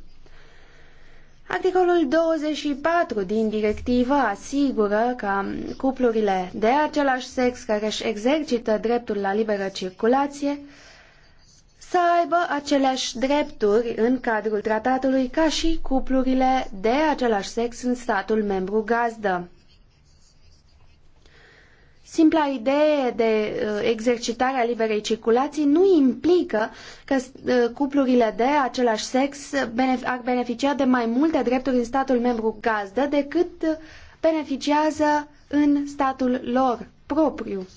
Articolul 24 din directivă asigură că cuplurile de același sex care își exercită dreptul la liberă circulație să aibă aceleași drepturi în cadrul tratatului ca și cuplurile de același sex în statul membru gazdă. Simpla idee de uh, exercitare a liberei circulații nu implică că uh, cuplurile de același sex ar beneficia de mai multe drepturi în statul membru gazdă decât beneficiază în statul lor propriu.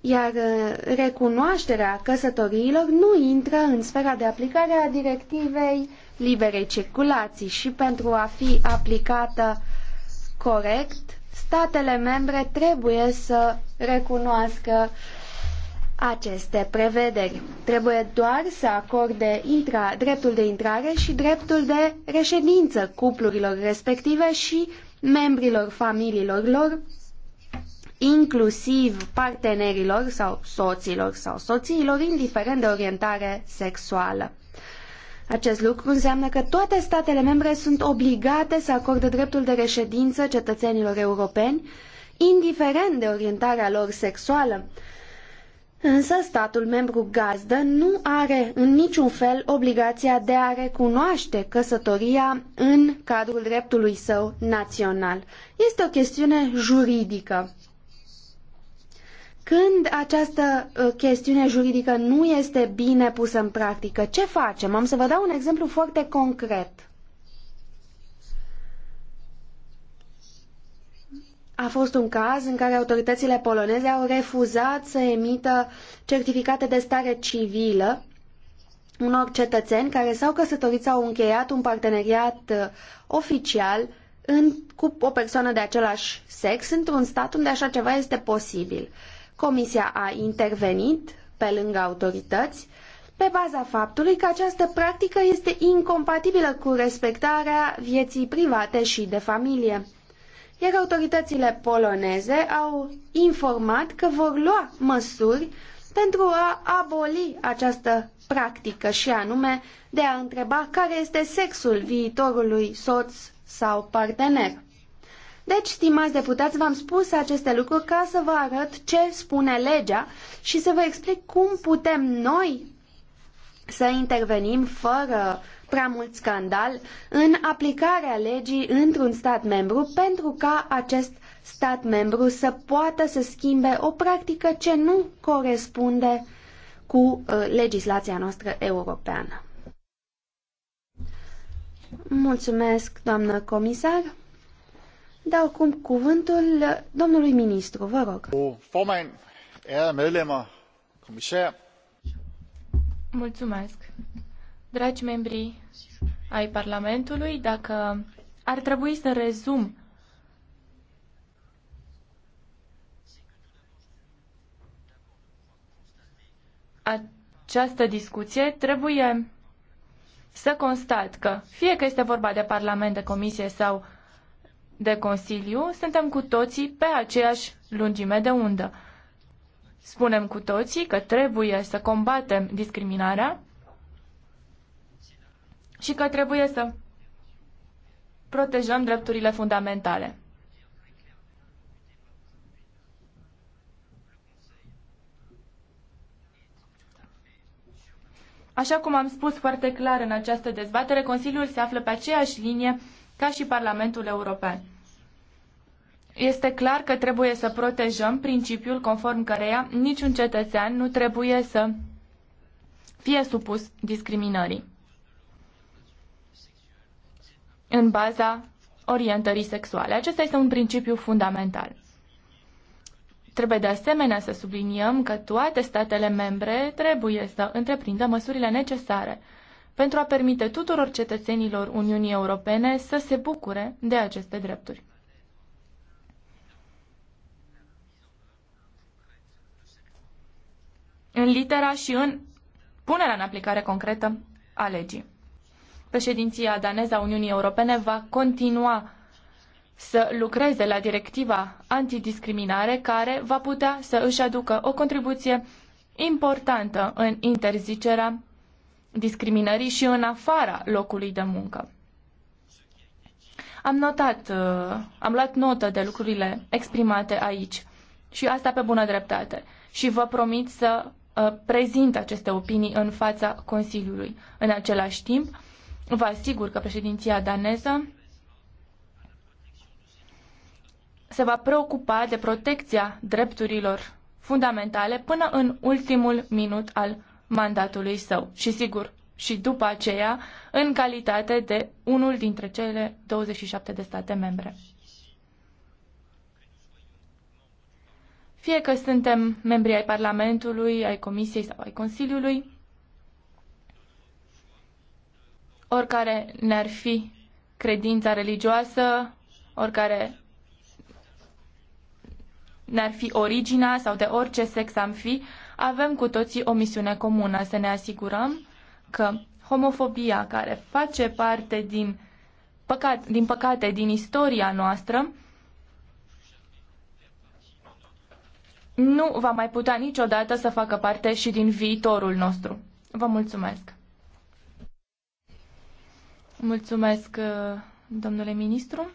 Iar uh, recunoașterea căsătoriilor nu intră în sfera de aplicare a directivei liberei circulații și pentru a fi aplicată corect statele membre trebuie să recunoască aceste prevederi. Trebuie doar să acorde intra, dreptul de intrare și dreptul de reședință cuplurilor respective și membrilor familiilor lor, inclusiv partenerilor sau soților sau soțiilor, indiferent de orientare sexuală. Acest lucru înseamnă că toate statele membre sunt obligate să acorde dreptul de reședință cetățenilor europeni, indiferent de orientarea lor sexuală. Însă statul membru gazdă nu are în niciun fel obligația de a recunoaște căsătoria în cadrul dreptului său național. Este o chestiune juridică. Când această ă, chestiune juridică nu este bine pusă în practică, ce facem? Am să vă dau un exemplu foarte concret. A fost un caz în care autoritățile poloneze au refuzat să emită certificate de stare civilă unor cetățeni care s-au căsătorit sau au încheiat un parteneriat ă, oficial în, cu o persoană de același sex într-un stat unde așa ceva este posibil. Uh, Comisia a intervenit pe lângă autorități pe baza faptului că această practică este incompatibilă cu respectarea vieții private și de familie. Iar autoritățile poloneze au informat că vor lua măsuri pentru a aboli această practică și anume de a întreba care este sexul viitorului soț sau partener. Deci, stimați deputați, v-am spus aceste lucruri ca să vă arăt ce spune legea și să vă explic cum putem noi să intervenim fără prea mult scandal în aplicarea legii într-un stat membru pentru ca acest stat membru să poată să schimbe o practică ce nu corespunde cu uh, legislația noastră europeană. Mulțumesc, doamnă comisar. Dau acum cuvântul domnului ministru, vă rog. Forman, ærede comisar. Mulțumesc. Dragi membri ai Parlamentului, dacă ar trebui să rezum această discuție, trebuie să constat că fie că este vorba de Parlament, de Comisie sau de Consiliu, suntem cu toții pe aceeași lungime de undă. Spunem cu toții că trebuie să combatem discriminarea și că trebuie să protejăm drepturile fundamentale. Așa cum am spus foarte clar în această dezbatere, Consiliul se află pe aceeași linie ca și Parlamentul European. Este clar că trebuie să protejăm principiul conform căreia niciun cetățean nu trebuie să fie supus discriminării în baza orientării sexuale. Acesta este un principiu fundamental. Trebuie de asemenea să subliniem că toate statele membre trebuie să întreprindă măsurile necesare pentru a permite tuturor cetățenilor Uniunii Europene să se bucure de aceste drepturi. În litera și în punerea în aplicare concretă a legii. Președinția daneză a Uniunii Europene va continua să lucreze la directiva antidiscriminare care va putea să își aducă o contribuție importantă în interzicerea discriminării și în afara locului de muncă. Am notat, uh, am luat notă de lucrurile exprimate aici și asta pe bună dreptate și vă promit să uh, prezint aceste opinii în fața Consiliului. În același timp, vă asigur că președinția daneză se va preocupa de protecția drepturilor fundamentale până în ultimul minut al mandatului său și sigur și după aceea în calitate de unul dintre cele 27 de state membre. Fie că suntem membri ai Parlamentului, ai Comisiei sau ai Consiliului, oricare ne-ar fi credința religioasă, oricare ne-ar fi originea sau de orice sex am fi, avem cu toții o misiune comună, să ne asigurăm că homofobia care face parte din, păcat, din păcate din istoria noastră nu va mai putea niciodată să facă parte și din viitorul nostru. Vă mulțumesc! Mulțumesc, uh, domnule ministru.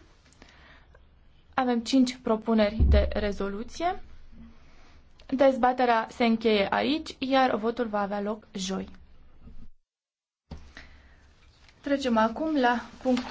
Avem cinci propuneri de rezoluție. Dezbaterea se încheie aici, iar votul va avea loc joi. Trecem acum la punctul